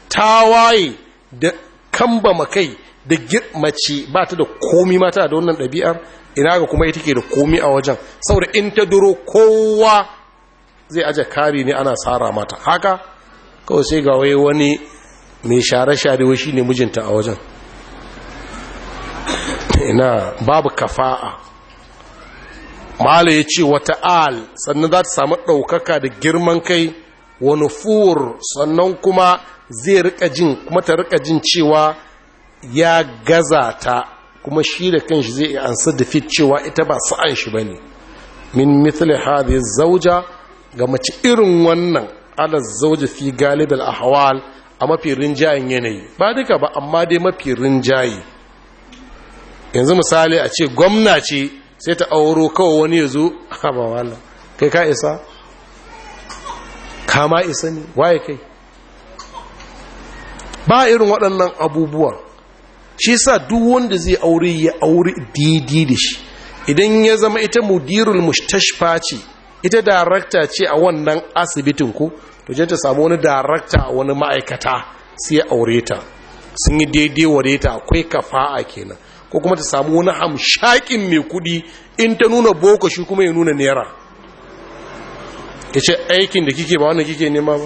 tawaye da kamba makai da mace ba ta da komi mata da wannan ɗabi'ar ina ga kuma ita ke da komi a wajen saboda in ta duro kowa zai aje kari ne ana sara mata haka kawai sai ga wai wani mai share-share shi ne mijinta a wajen ina babu kafa'a mala ya ce wata al sannan za ta samu ɗaukaka da girman kai wani fur sannan kuma zai rika jin kuma ta rika jin cewa ya gaza ta kuma shi da kanshi zai ansa da fit cewa ita ba sa'an shi bane min mithli hadhihi zauja ga mace irin wannan ala zauja fi galib al ahwal a mafi rinjayen yanayi ba duka ba amma dai mafi rinjayi yanzu misali a ce gwamna ce sai ta auro kawai wani ya zo ba wala kai ka isa kama isa ne waye kai ba irin waɗannan abubuwan shi sa duk wanda zai aure ya aure didi da shi idan ya zama ita mudirul mustashfa ce ita darakta ce a wannan asibitin ko to je ta samu wani darakta a wani ma'aikata sai ya aure ta sun yi daidai ware ta akwai kafa'a kenan ko kuma ta samu wani hamshakin mai kudi in ta nuna boko shi kuma ya nuna naira ya ce aikin da kike ba wannan kike nema ba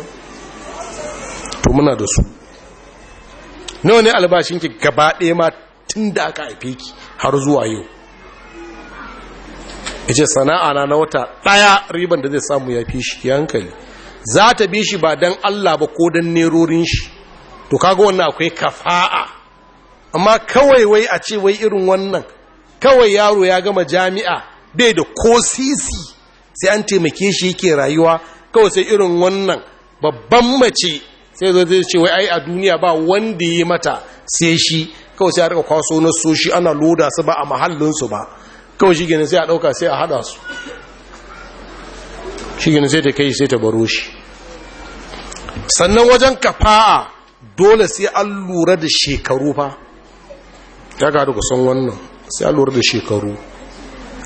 to muna da su nawa ne albashinki gaba ɗaya ma tun da aka haife ki har zuwa yau ya ce sana'a na na wata ɗaya riban da zai samu ya fi shi hankali za ta bi shi ba don allah ba ko don nerorin shi to kaga wannan akwai kafa'a amma kawai wai a ce wai irin wannan kawai yaro ya gama jami'a bai da ko sisi sai an taimake shi yake rayuwa kawai sai irin wannan babban mace sai zo zai ce wai ai a duniya ba wanda yi mata sai shi kawai sai a rika kwaso na soshi ana loda su ba a mahallinsu ba kawai shi gini sai a ɗauka sai a haɗa su shi gina sai ta kai sai ta baro shi sannan wajen kafa'a dole sai an lura da shekaru fa ya gada ku san wannan sai a lura da shekaru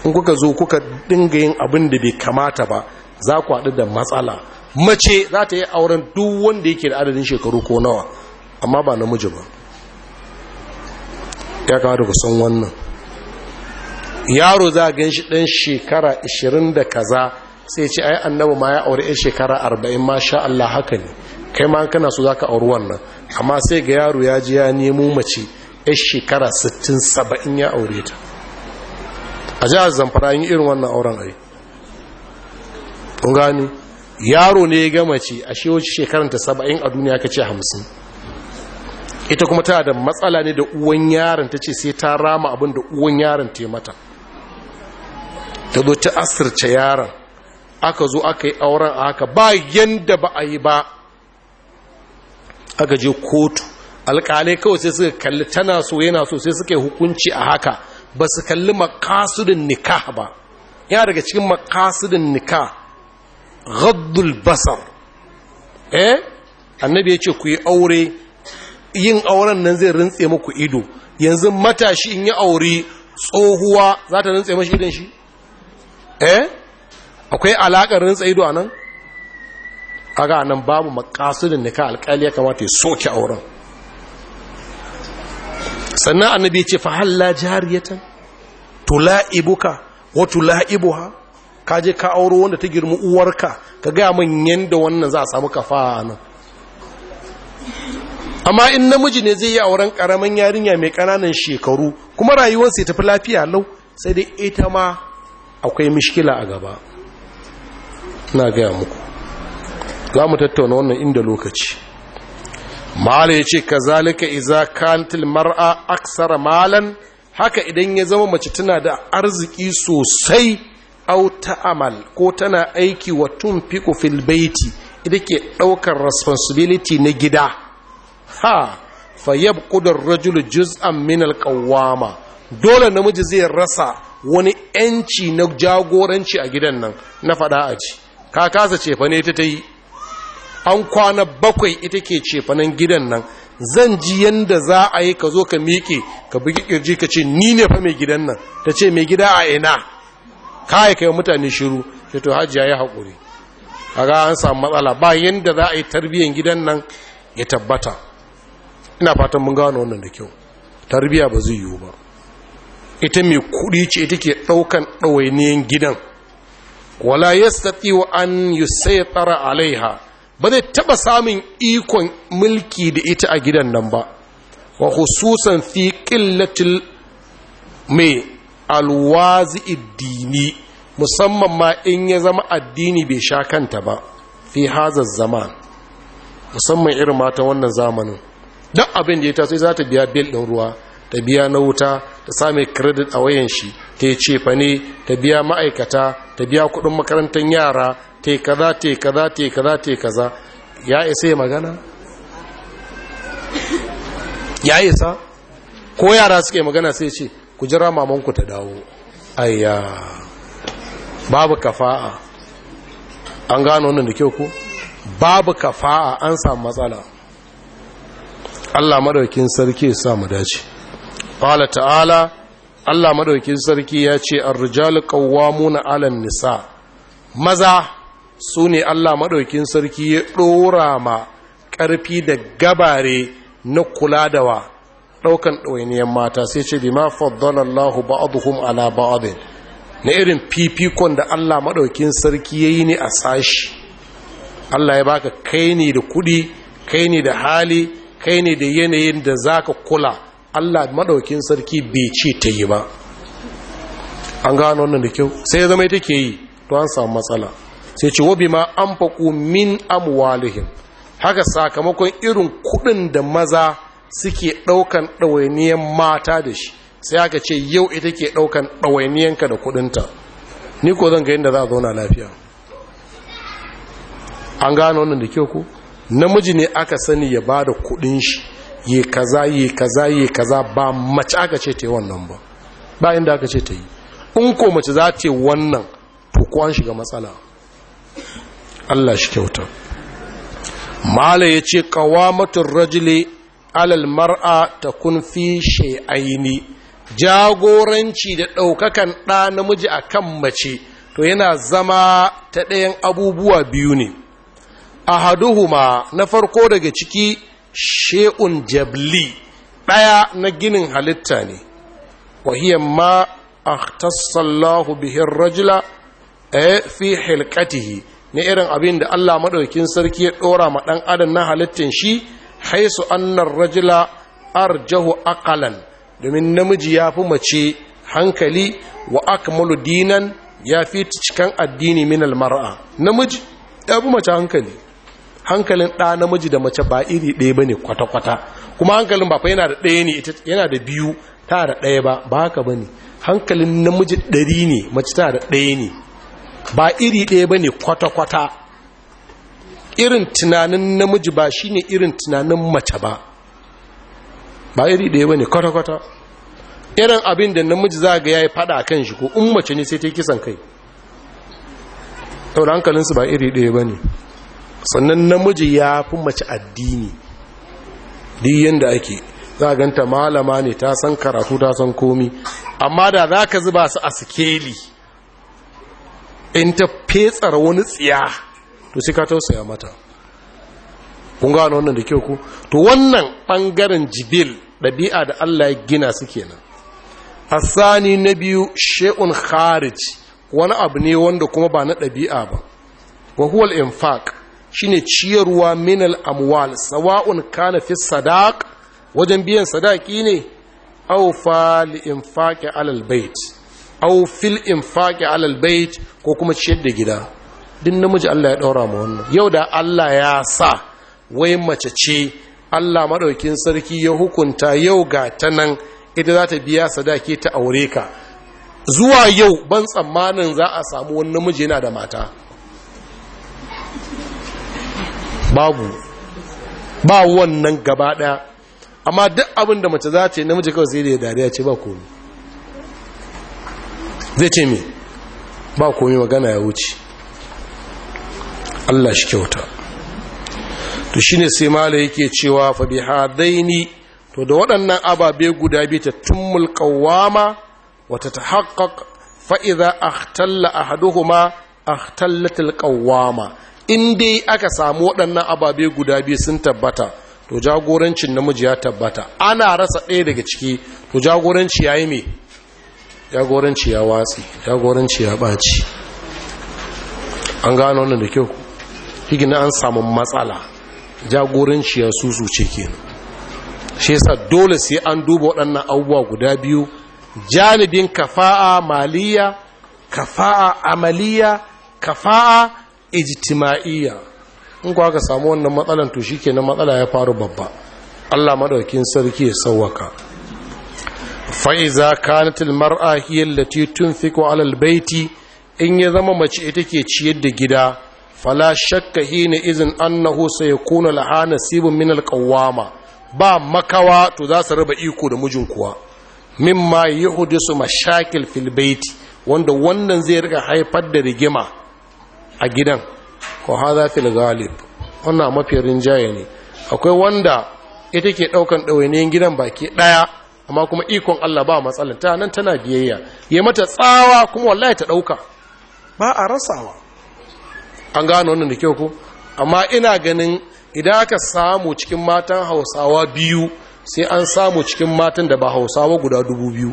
in kuka zo kuka dinga yin abin da bai kamata ba za ku haɗu da matsala mace za ta yi auren duk wanda yake da adadin shekaru ko nawa amma ba namiji ba ya gada ku san wannan yaro za a ganshi ɗan shekara 20 da kaza sai ce ai annabi ma ya aure 'yan shekara 40 ma sha Allah haka ne kai ma kana so zaka ka auri wannan amma sai ga yaro ya ji ya nemo mace ya shekara 60-70 ya aure ta a jihar zamfara yin irin wannan auren ai gani yaro ne ya gama ce a shekaranta shekaranta 70 a duniya ka ce 50 ita kuma ta da matsala ne da uwan yaron ta ce sai ta rama abin da uwan yaron ta mata ta zo ta asirce yaron aka zo aka yi auren a haka ba yanda ba a yi ba aka je kotu alƙalai kawai sai suka kalli tana so yana so sai suka yi hukunci a haka ba su kalli makasudin nikah ba yana daga cikin makasudin nikah ghaddul basar eh annabi ya ce ku yi aure yin auren nan zai rintse muku ido yanzu matashi in yi aure tsohuwa za ta rintse mashi idon shi eh akwai alaƙar rintse ido a nan ga nan babu makasudin nikah alƙali ya kamata ya soke auren sannan annabi ya ce fa halla jariyatan la'ibuka wa tula'ibuha ka je ka auro wanda ta girma uwarka ka ga mun yanda wannan za a samu kafa nan amma in namiji ne zai yi auren karaman yarinya mai kananan shekaru kuma rayuwar sai tafi lafiya lau sai dai ita ma akwai mishkila a gaba na gaya muku za mu tattauna wannan inda lokaci mala ya ce ka zalika iza kantil mar'a aksara malan haka idan ya zama mace tana da arziki sosai au amal, ko tana aiki wa tun fil baiti ita ke ɗaukar responsibility na gida ha fa yabqudur rajulu juz'an min alkawama dole namiji zai rasa wani yanci na jagoranci a gidan nan na faɗa a ci ka kasa ce fa ne ta ta yi an kwana bakwai ita ke cefanen gidan nan zan ji yadda za a yi ka zo ka miƙe ka bugi ƙirji ka ce ni ne fa mai gidan nan ta ce mai gida a ina kaya kai mutane shiru ce to hajji ya yi haƙuri kaga an samu matsala ba yadda za a yi tarbiyyar gidan nan ya tabbata ina fatan mun gano wannan da kyau tarbiyya ba zai yiwu ba ita mai kuɗi ce ita ke ɗaukan ɗawainiyar gidan wala yastati wa an yusaitara alaiha ba zai taba samun ikon mulki da ita a gidan nan ba wa hususan fi qillatil mai alwazi addini musamman ma in ya zama addini bai sha kanta ba fi hazar zaman musamman irin mata wannan zamanin don abin da ya taso za ta biya bil ɗin ruwa ta biya na wuta ta same credit a wayan shi ta yi ne ta biya ma'aikata ta biya kudin makarantar yara ta yi kaza ta yi kaza ta yi kaza ta yi kaza ya isa ya magana ya isa ko yara suke magana sai ce ku jira mamanku ta dawo ayya babu kafa'a an gano wannan da kyau ko babu kafa'a an samu matsala Allah madaukin sarki ya samu dace qala ta'ala Allah madaukin sarki ya ce ar ƙauwamu qawwamuna 'alan nisa maza sune Allah madaukin sarki ya dora ma ƙarfi da gabare na kula da wa ɗaukan dawainiyan mata sai ce bima faddala Allahu ba'dhum ala ba'd na irin fifikon da Allah madaukin sarki yayi ne a sashi Allah ya baka kai ne da kudi kai ne da hali kai ne da yanayin da zaka kula Allah madaukin sarki bai ce ta yi ba an gano wannan da kyau sai ya zama ita ke yi to an samu matsala sai ce wabi ma an faƙo min amwalihim haka sakamakon irin kuɗin da maza suke ɗaukan ɗawainiyan mata da shi sai aka ce yau ita ke ɗaukan ɗawainiyanka da kuɗinta ni ko zan ga yadda za a zauna lafiya an gano wannan da kyau ko namiji ne aka sani ya bada da kuɗin shi yi kaza yi kaza yi kaza ba mace aka ce ta yi wannan ba ba inda aka ce ta yi in ko mace za ta yi wannan to ko an shiga matsala Allah shi kyauta mala ya ce kawamatun rajile alal mar'a ta kun fi shai'aini jagoranci da ɗaukakan ɗa namiji a kan mace to yana zama ta ɗayan abubuwa biyu ne a ahaduhuma na farko daga ciki shi'un jabli ɗaya na ginin halitta ne wahiyar ma a tassallahu bihin rajula a eh, fi hilkatihi na irin abin da Allah maɗaukin sarki ya ɗora ma ɗan adam na halittin shi haisu annar rajula arjahu akalan domin namiji ya fi mace hankali wa akmalu dinan ya fi cikin addini min almar'a namiji ya fi mace hankali hankalin ɗa namiji da mace ba iri ɗaya ba ne kwata-kwata kuma hankalin ba yana da ɗaya ne yana da biyu ta da ɗaya ba ba haka ba ne hankalin namiji ɗari ne mace ta da ɗaya ne ba iri ɗaya ba ne kwata-kwata irin tunanin namiji ba shi ne irin tunanin mace ba ba iri ɗaya ba ne kwata-kwata irin abin da namiji za ga ya yi faɗa kan shi ko in mace ne sai ta yi kisan kai taurin hankalinsu ba iri ɗaya ba ne sannan namiji ya fi mace addini duk yadda ake za a ganta malama ne ta san karatu ta san komi amma da za ka zuba su a sikeli in ta fetsar wani tsiya to sai ka tausaya mata kun gano wannan da kyau ku to wannan ɓangaren jibil ɗabi'a da allah ya gina su kenan hassani na biyu she'un kharij wani abu ne wanda kuma ba na ɗabi'a ba wa huwal infaq shine ciyarwa minal amwal sawa'un kana fi sadaq wajen biyan sadaki ne aw fa li alal bait aw fil infaqi alal bait ko kuma ciyar da gida din namiji Allah ya daura ma wannan yau da Allah ya sa wai mace ce Allah maɗaukin sarki ya hukunta yau ga ta nan ita za ta biya sadaki ta aure ka zuwa yau ban tsammanin za a samu wani namiji yana da mata babu ba wannan gaba daya amma duk abin da mace za ta yi namiji kawai sai da ya dariya ce ba komi zai ce me ba komi magana ya wuce Allah shi kyauta to shine sai mala yake cewa fa bi ni, to da waɗannan ababe guda biyu ta tummul qawama a tatahaqqaq a idza ahtalla a ahtallat alqawama in dai aka samu waɗannan ababe guda biyu sun tabbata to jagorancin namiji ya tabbata ana rasa ɗaya daga ciki to jagoranci ya yi me jagoranci ya watsi jagoranci ya ɓaci an gano wannan da kyau higina an samu matsala jagoranci ya susu ce kenan shi yasa dole sai an duba waɗannan abubuwa guda biyu janibin kafa'a maliya kafa'a amaliya kafa'a ijtima'iyya in ku aka samu wannan matsalan to na matsala ya faru babba Allah madaukin sarki ya sauwaka fa iza kanat al hiya allati tunfiqu ala al in ya zama mace ita ke ciyar da gida fala shakka hina izin annahu sayakunu al anasibun min al qawama ba makawa to za su raba iko da mijin kuwa mimma su mashakil fil wanda wannan zai rika haifar da rigima a gidan ko haza fil galib wannan mafi rinjaye ne akwai wanda ita ke daukan ɗawainiyin gidan baki ɗaya amma kuma ikon Allah ba matsalar ta nan tana biyayya ya mata tsawa kuma wallahi ta ɗauka ba a rasawa an gano wannan da kyau ko amma ina ganin idan aka samu cikin matan hausawa biyu sai an samu cikin matan da ba hausawa guda dubu biyu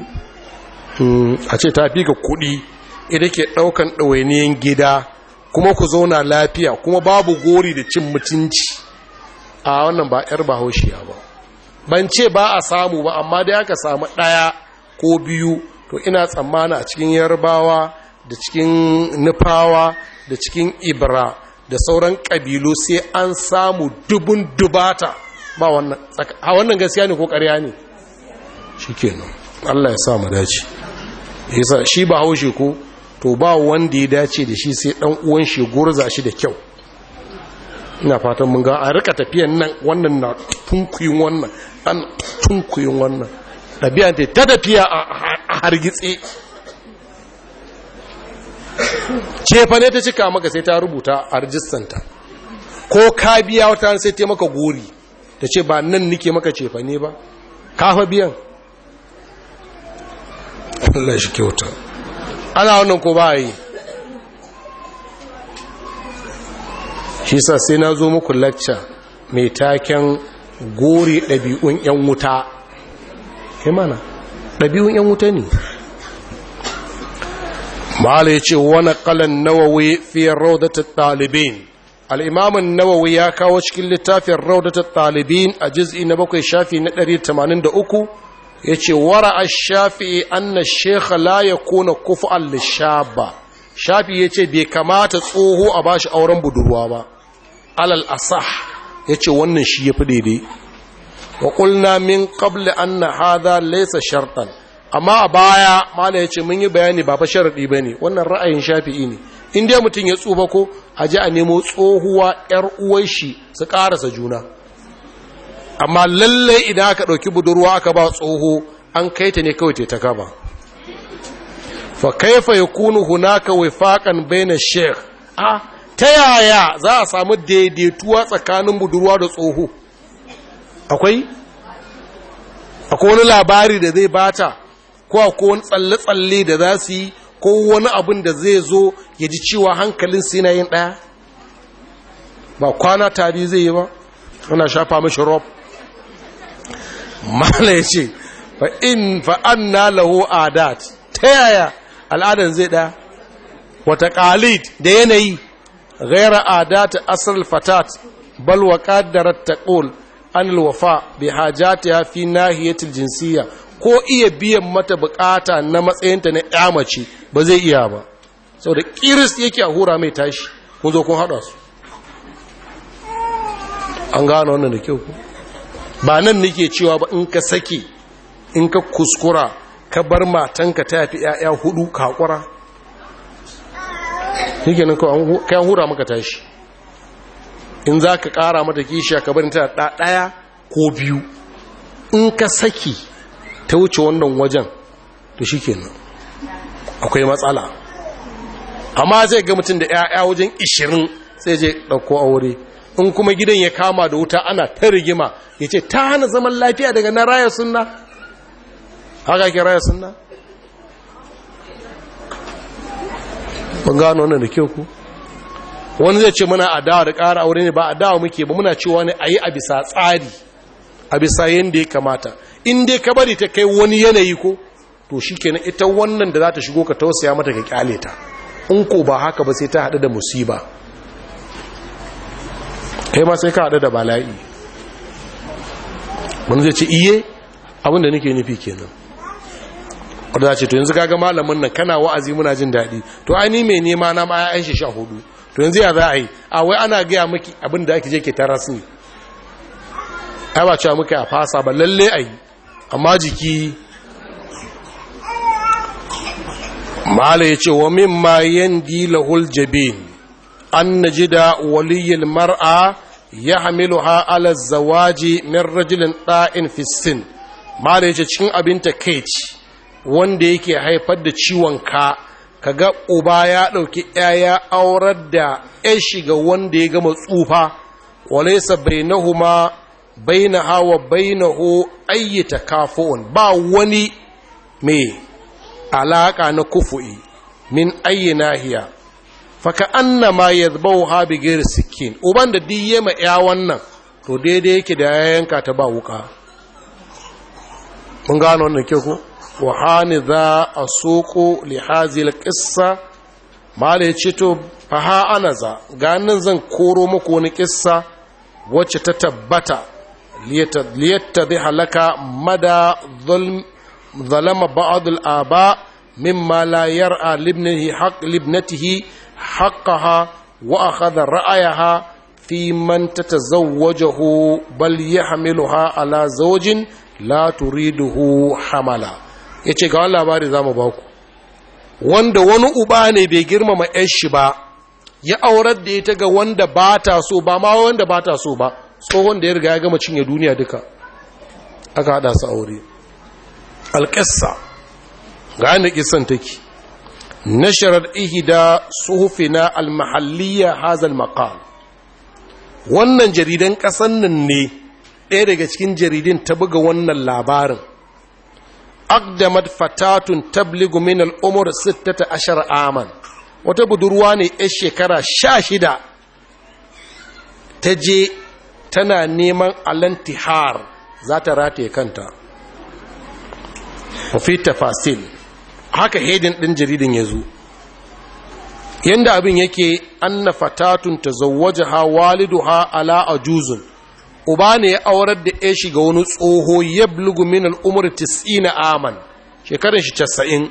hmm, a ce ta fi ga kuɗi ita ke ɗaukan ɗawainiyin gida kuma ku zauna lafiya kuma babu gori da cin mutunci a wannan ba 'yar bahaushiya ba ban ce ba a samu ba amma da aka samu ɗaya ko biyu to ina tsammana a cikin yarbawa da cikin nufawa da cikin ibra da sauran ƙabilu sai an samu dubun dubata ba wannan a wannan gaskiya ne ko ƙarya ne shi kenan allah ya sa mu dace yasa shi ba haushe ko to ba wanda ya dace da shi sai dan uwan shi gurza shi da kyau ina fatan mun ga a rika tafiyan nan wannan na tunkuyin wannan an tunkuyin wannan tabiyan ta tafiya a hargitse ce fa ne ta cika maka sai ta rubuta a ta ko ka biya wata sai ta maka gori ta ce ba nan nike maka ce fa ne ba kafa biyan Allah shi kyauta ana wannan ko ba yi shi sa sai na zo muku lacca mai taken gori ɗabi'un 'yan wuta ke mana ɗabi'un 'yan wuta ne ala ya ce wani ƙalan nawawi fiye raudatar ɗalibin al'imamin nawawi ya kawo cikin littafin raudatar ɗalibin a jiz'i na bakwai shafi na 183 ya ce wara a shafi'i anna shekha la ya kona kufu al-shaba shafi ya ce bai kamata tsoho a ba shi auren budurwa ba alal asah ya ce wannan shi ya fi daidai wa ƙulna min ƙabli an na hada laisa shartan amma a baya mala ya ce mun yi bayani ba fa sharaɗi ba ne wannan ra'ayin shafi'i ne in dai mutum ya tsufa ko a ji a nemo tsohuwa 'yar uwar shi su ƙarasa juna amma lalle idan aka ɗauki budurwa aka ba tsoho an kai ta ne kawai ta gaba fa kaifa ya kunu hunaka bai baina shek. a ta yaya za a samu daidaituwa tsakanin budurwa da tsoho akwai akwai wani labari da zai bata ko akwai wani tsalle-tsalle da za su yi ko wani abin da zai zo ya ji cewa hankalin sinayin ɗaya ba kwana tari zai yi ba ana shafa mashi rob mala ya ce fa in fa lahu adat ta yaya al'adar zai ɗaya. wata ƙalid da yanayi ghaira adat asl fatat balwa ƙadarar qaddarat taqul an alwafa ta ya fi nahiyati jinsiya ko iya biyan mata bukata na matsayinta na ya mace ba zai iya ba Sau da ƙiris yake a hura mai tashi kun zo kun haɗa su an gano wannan da kyau ku ba nan nake cewa ba in ka saki in ka kuskura ka bar matanka ta fi ‘ya'ya hudu kakura nake nan kayan hura maka tashi in za ka ƙara mata kishiya ka barin ta ɗaya ko biyu in ka saki ta wuce wannan wajen to shi kenan akwai matsala amma zai ga mutum da ‘ya'ya wajen ishirin sai je ɗauko aure in kuma gidan ya kama da wuta ana ta rigima ya ce ta hana zaman lafiya daga na raya suna. haka ke raya suna. ban gano wannan da kyau ku wani zai ce muna adawa da ƙara aure ne ba adawa muke ba muna cewa ne a yi a bisa tsari a bisa yadda ya kamata in dai ka bari ta kai wani yanayi ko to shi kenan ita wannan da za ta shigo ka tausaya mata ka kyale ta in ko ba haka ba sai ta haɗu da musiba kai ma sai ka haɗu da bala'i wani zai ce iye abinda nake nufi kenan wadda ce to yanzu kaga malamin nan kana wa'azi muna jin daɗi to aini mai nema na ma'ayyan shi sha hudu to yanzu ya za a yi a wai ana gaya maki abinda ake je ke su ne ai ba cewa muka a fasa ba lalle a yi amma jiki mala ya ce wa min ma yan hul jabin an da waliyyar mar'a ya hamilu ha من رجل min في ɗa'in ما da yace cikin abin takeici wanda yake haifar da ciwon ka kaga uba ya ɗauki yaya aurar da ya shiga wanda ya gama tsufa walaysa bainahuma bainaha wa bainahu ayyata kafu'un ba wani mai alaka na kufu'i min nahiya faka na ma ya ha bi gari Sikin, uban da diye ma ya wannan to daidai yake da ya yanka ta ba wuka mun gano wannan ke ko wa haniza asuqu li ma da ya ce to fa ha za, ganin zan koro muku wani kissa wacce ta tabbata zai halaka mada zalama ba'adul al aba mimma la yar'a libnihi libnatihi haqqaha wa akhadha ra'ayaha fi man tatazawwajahu bal yahmiluha ala zawjin la turiduhu hamala yace ga labari zamu baku wanda wani uba ne bai girmama yar shi ba ya aurar da ita ga wanda ba ta so ba ma wanda ba ta so ba tsohon da ya riga ya gama cinye duniya duka aka hada su aure alƙissa ga yadda ƙisan take nasharar ihida suhufina almahalliya hazal المقال wannan jaridan ƙasan nan ne ɗaya daga cikin jaridin ta buga wannan labarin aqdamat fatatun tabligu min al-umur 16 aman wata budurwa ne yar shekara sha shida ta je tana neman alantihar za ta rataye kanta fi tafasil haka hedin ɗin jaridin ya zo yadda abin yake anna fatatun ta zauwaje ha walidu ha ala a juzun uba ne ya aurar da ya shiga wani tsoho ya bulgu min al'umar tis'ina aman shekarar shi casa'in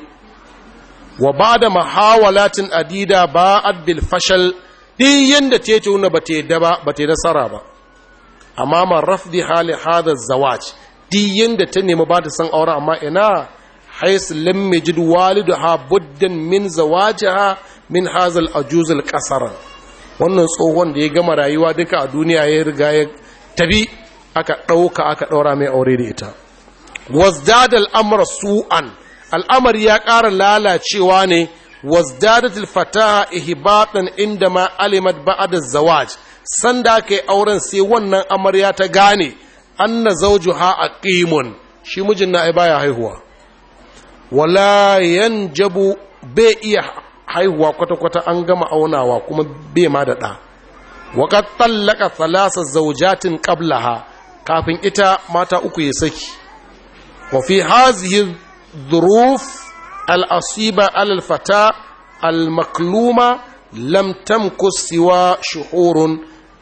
wa ba da mahawalatin adida ba adbil fashal ɗin yadda ta yi wuna ba ta ba ta nasara ba amma ma rafdi hali hada zawaj ɗin yadda ta nema ba ta san aure amma ina حيث لم يجد والدها بد min زواجها min hazal ajuzul القصر wannan tsohon da ya gama rayuwa duka a duniya ya riga ya tabi aka ɗauka aka ɗaura mai aure da ita wasdad al'amr su'an al'amari ya ƙara lalacewa ne wasdadat al-fataha ihbatan inda ma alimat ba'd az-zawaj sanda kai auren sai wannan amarya ta gane anna zawjuha aqimun shi mijin na ai baya haihuwa wala jabu bai iya haihuwa kwata-kwata an gama aunawa kuma bai ma da ɗa waƙar tallaka thalasa zaujatin qablaha kafin ita mata uku ya saki wa fi hazihi dhuruf al-asiba al-fata al-makluma lam tamkus siwa shuhurun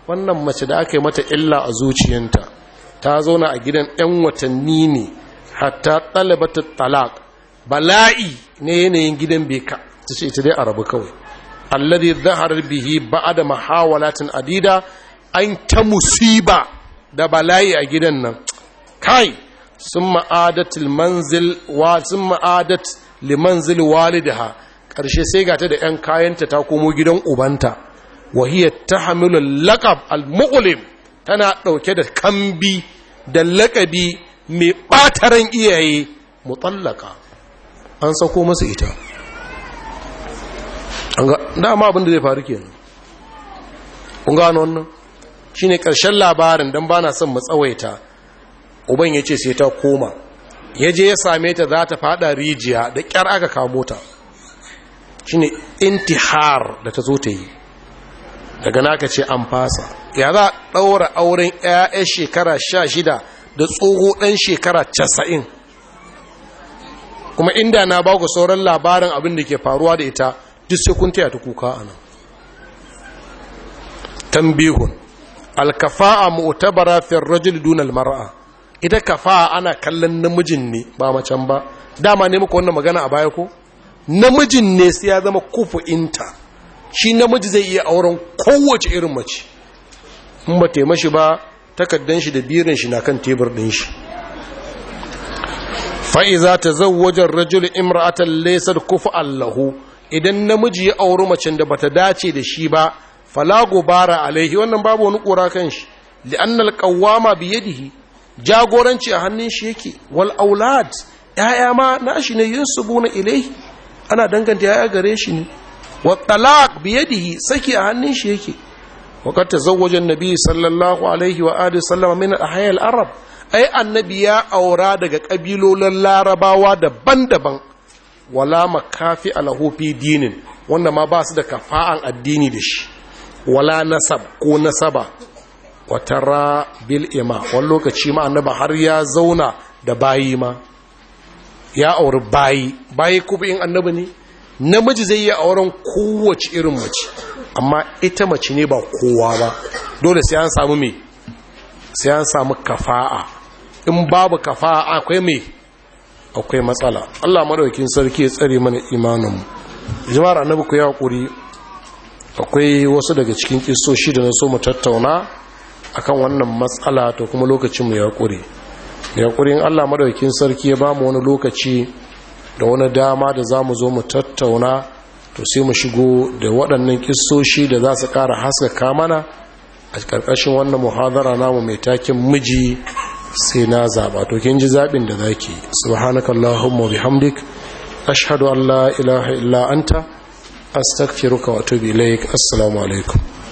wannan mace da aka yi mata illa a zuciyanta ta zauna a gidan 'yan watanni ne hatta ɗalibata talak bala'i ne yanayin gidan beka ta ce ita dai a rabu kawai alladhi zaharar bihi da mahawalatin adida an ta musiba da bala'i a gidan nan kai sun ma'adatul manzil wa sun ma'adat limanzil walidaha karshe sai gata da yan kayanta ta komo gidan ubanta wa hiya tahmilu laqab al muqlim tana ɗauke da kambi da lakabi mai ɓataran iyaye mutallaka an sako masa ita dama abinda zai faru kenan kun gano wannan shi ne ƙarshen labarin don ba na son matsawaita uban ya ce sai ta koma ya je ya same ta za ta fada rijiya da ƙyar aka kamo ta shi ne intihar da ta zo ta yi daga naka ce an fasa ya za a ɗaura auren 'ya'ya shekara sha shida da tsoho ɗan shekara casa'in kuma inda na ba ku sauran labarin abin da ke faruwa da ita duk sai kun taya ta kuka a nan tambihun alkafa'a mu'tabara fi rajul dunal mar'a ita kafa'a ana kallon namijin ne ba macen ba dama ne muku wannan magana a baya ko namijin ne sai ya zama kufu inta. shi namiji zai iya auren kowace irin mace in ba taimashi ba takaddan shi da birin shi na kan tebur ɗin shi fa'iza ta wajen rajul imra'atan laysar kufu allahu idan namiji ya auri macen da bata dace da shi ba falago bara alaihi wannan babu wani kura kan shi li'annal qawwama bi yadihi jagoranci a hannun shi yake wal aulad ya'ya ma nashi ne yunsubuna ilaihi ana danganta ya'ya gare shi ne wa talaq bi yadihi saki a hannun shi yake وقد تزوج النبي صلى wa sallam وآله وسلم من أحياء Arab. ai annabi ya aura daga ƙabilolin larabawa daban-daban wala makafi al'ahu fi dinin wanda ma ba su da kafa'an addini da shi wala nasab ko nasaba watara bil ima wani lokaci ma annaba har ya zauna da bayi ma ya auri bayi bayi kuma in annaba ne namiji zai yi auren kowace irin mace amma ita mace ne ba kowa ba dole sai an samu mai sai an samu kafa'a in babu kafa'a akwai mai akwai matsala Allah maɗaukin sarki ya tsare mana imanin jama'ar annabi ku ya hakuri akwai wasu daga cikin kisoshi da na so mu tattauna akan wannan matsala ta kuma lokacin mu ya hakuri ya hakuri Allah maɗaukin sarki ya bamu wani lokaci da wani dama da za mu zo mu tattauna to sai mu shigo da waɗannan kisoshi da za su ƙara haskaka mana a ƙarƙashin wannan muhadara namu mai takin miji sai na zaɓa to kin ji zaɓin da zaki subhanakallahumma bihamdik ashhadu an la ilaha illa anta astaghfiruka wa atubu ilaik assalamu alaikum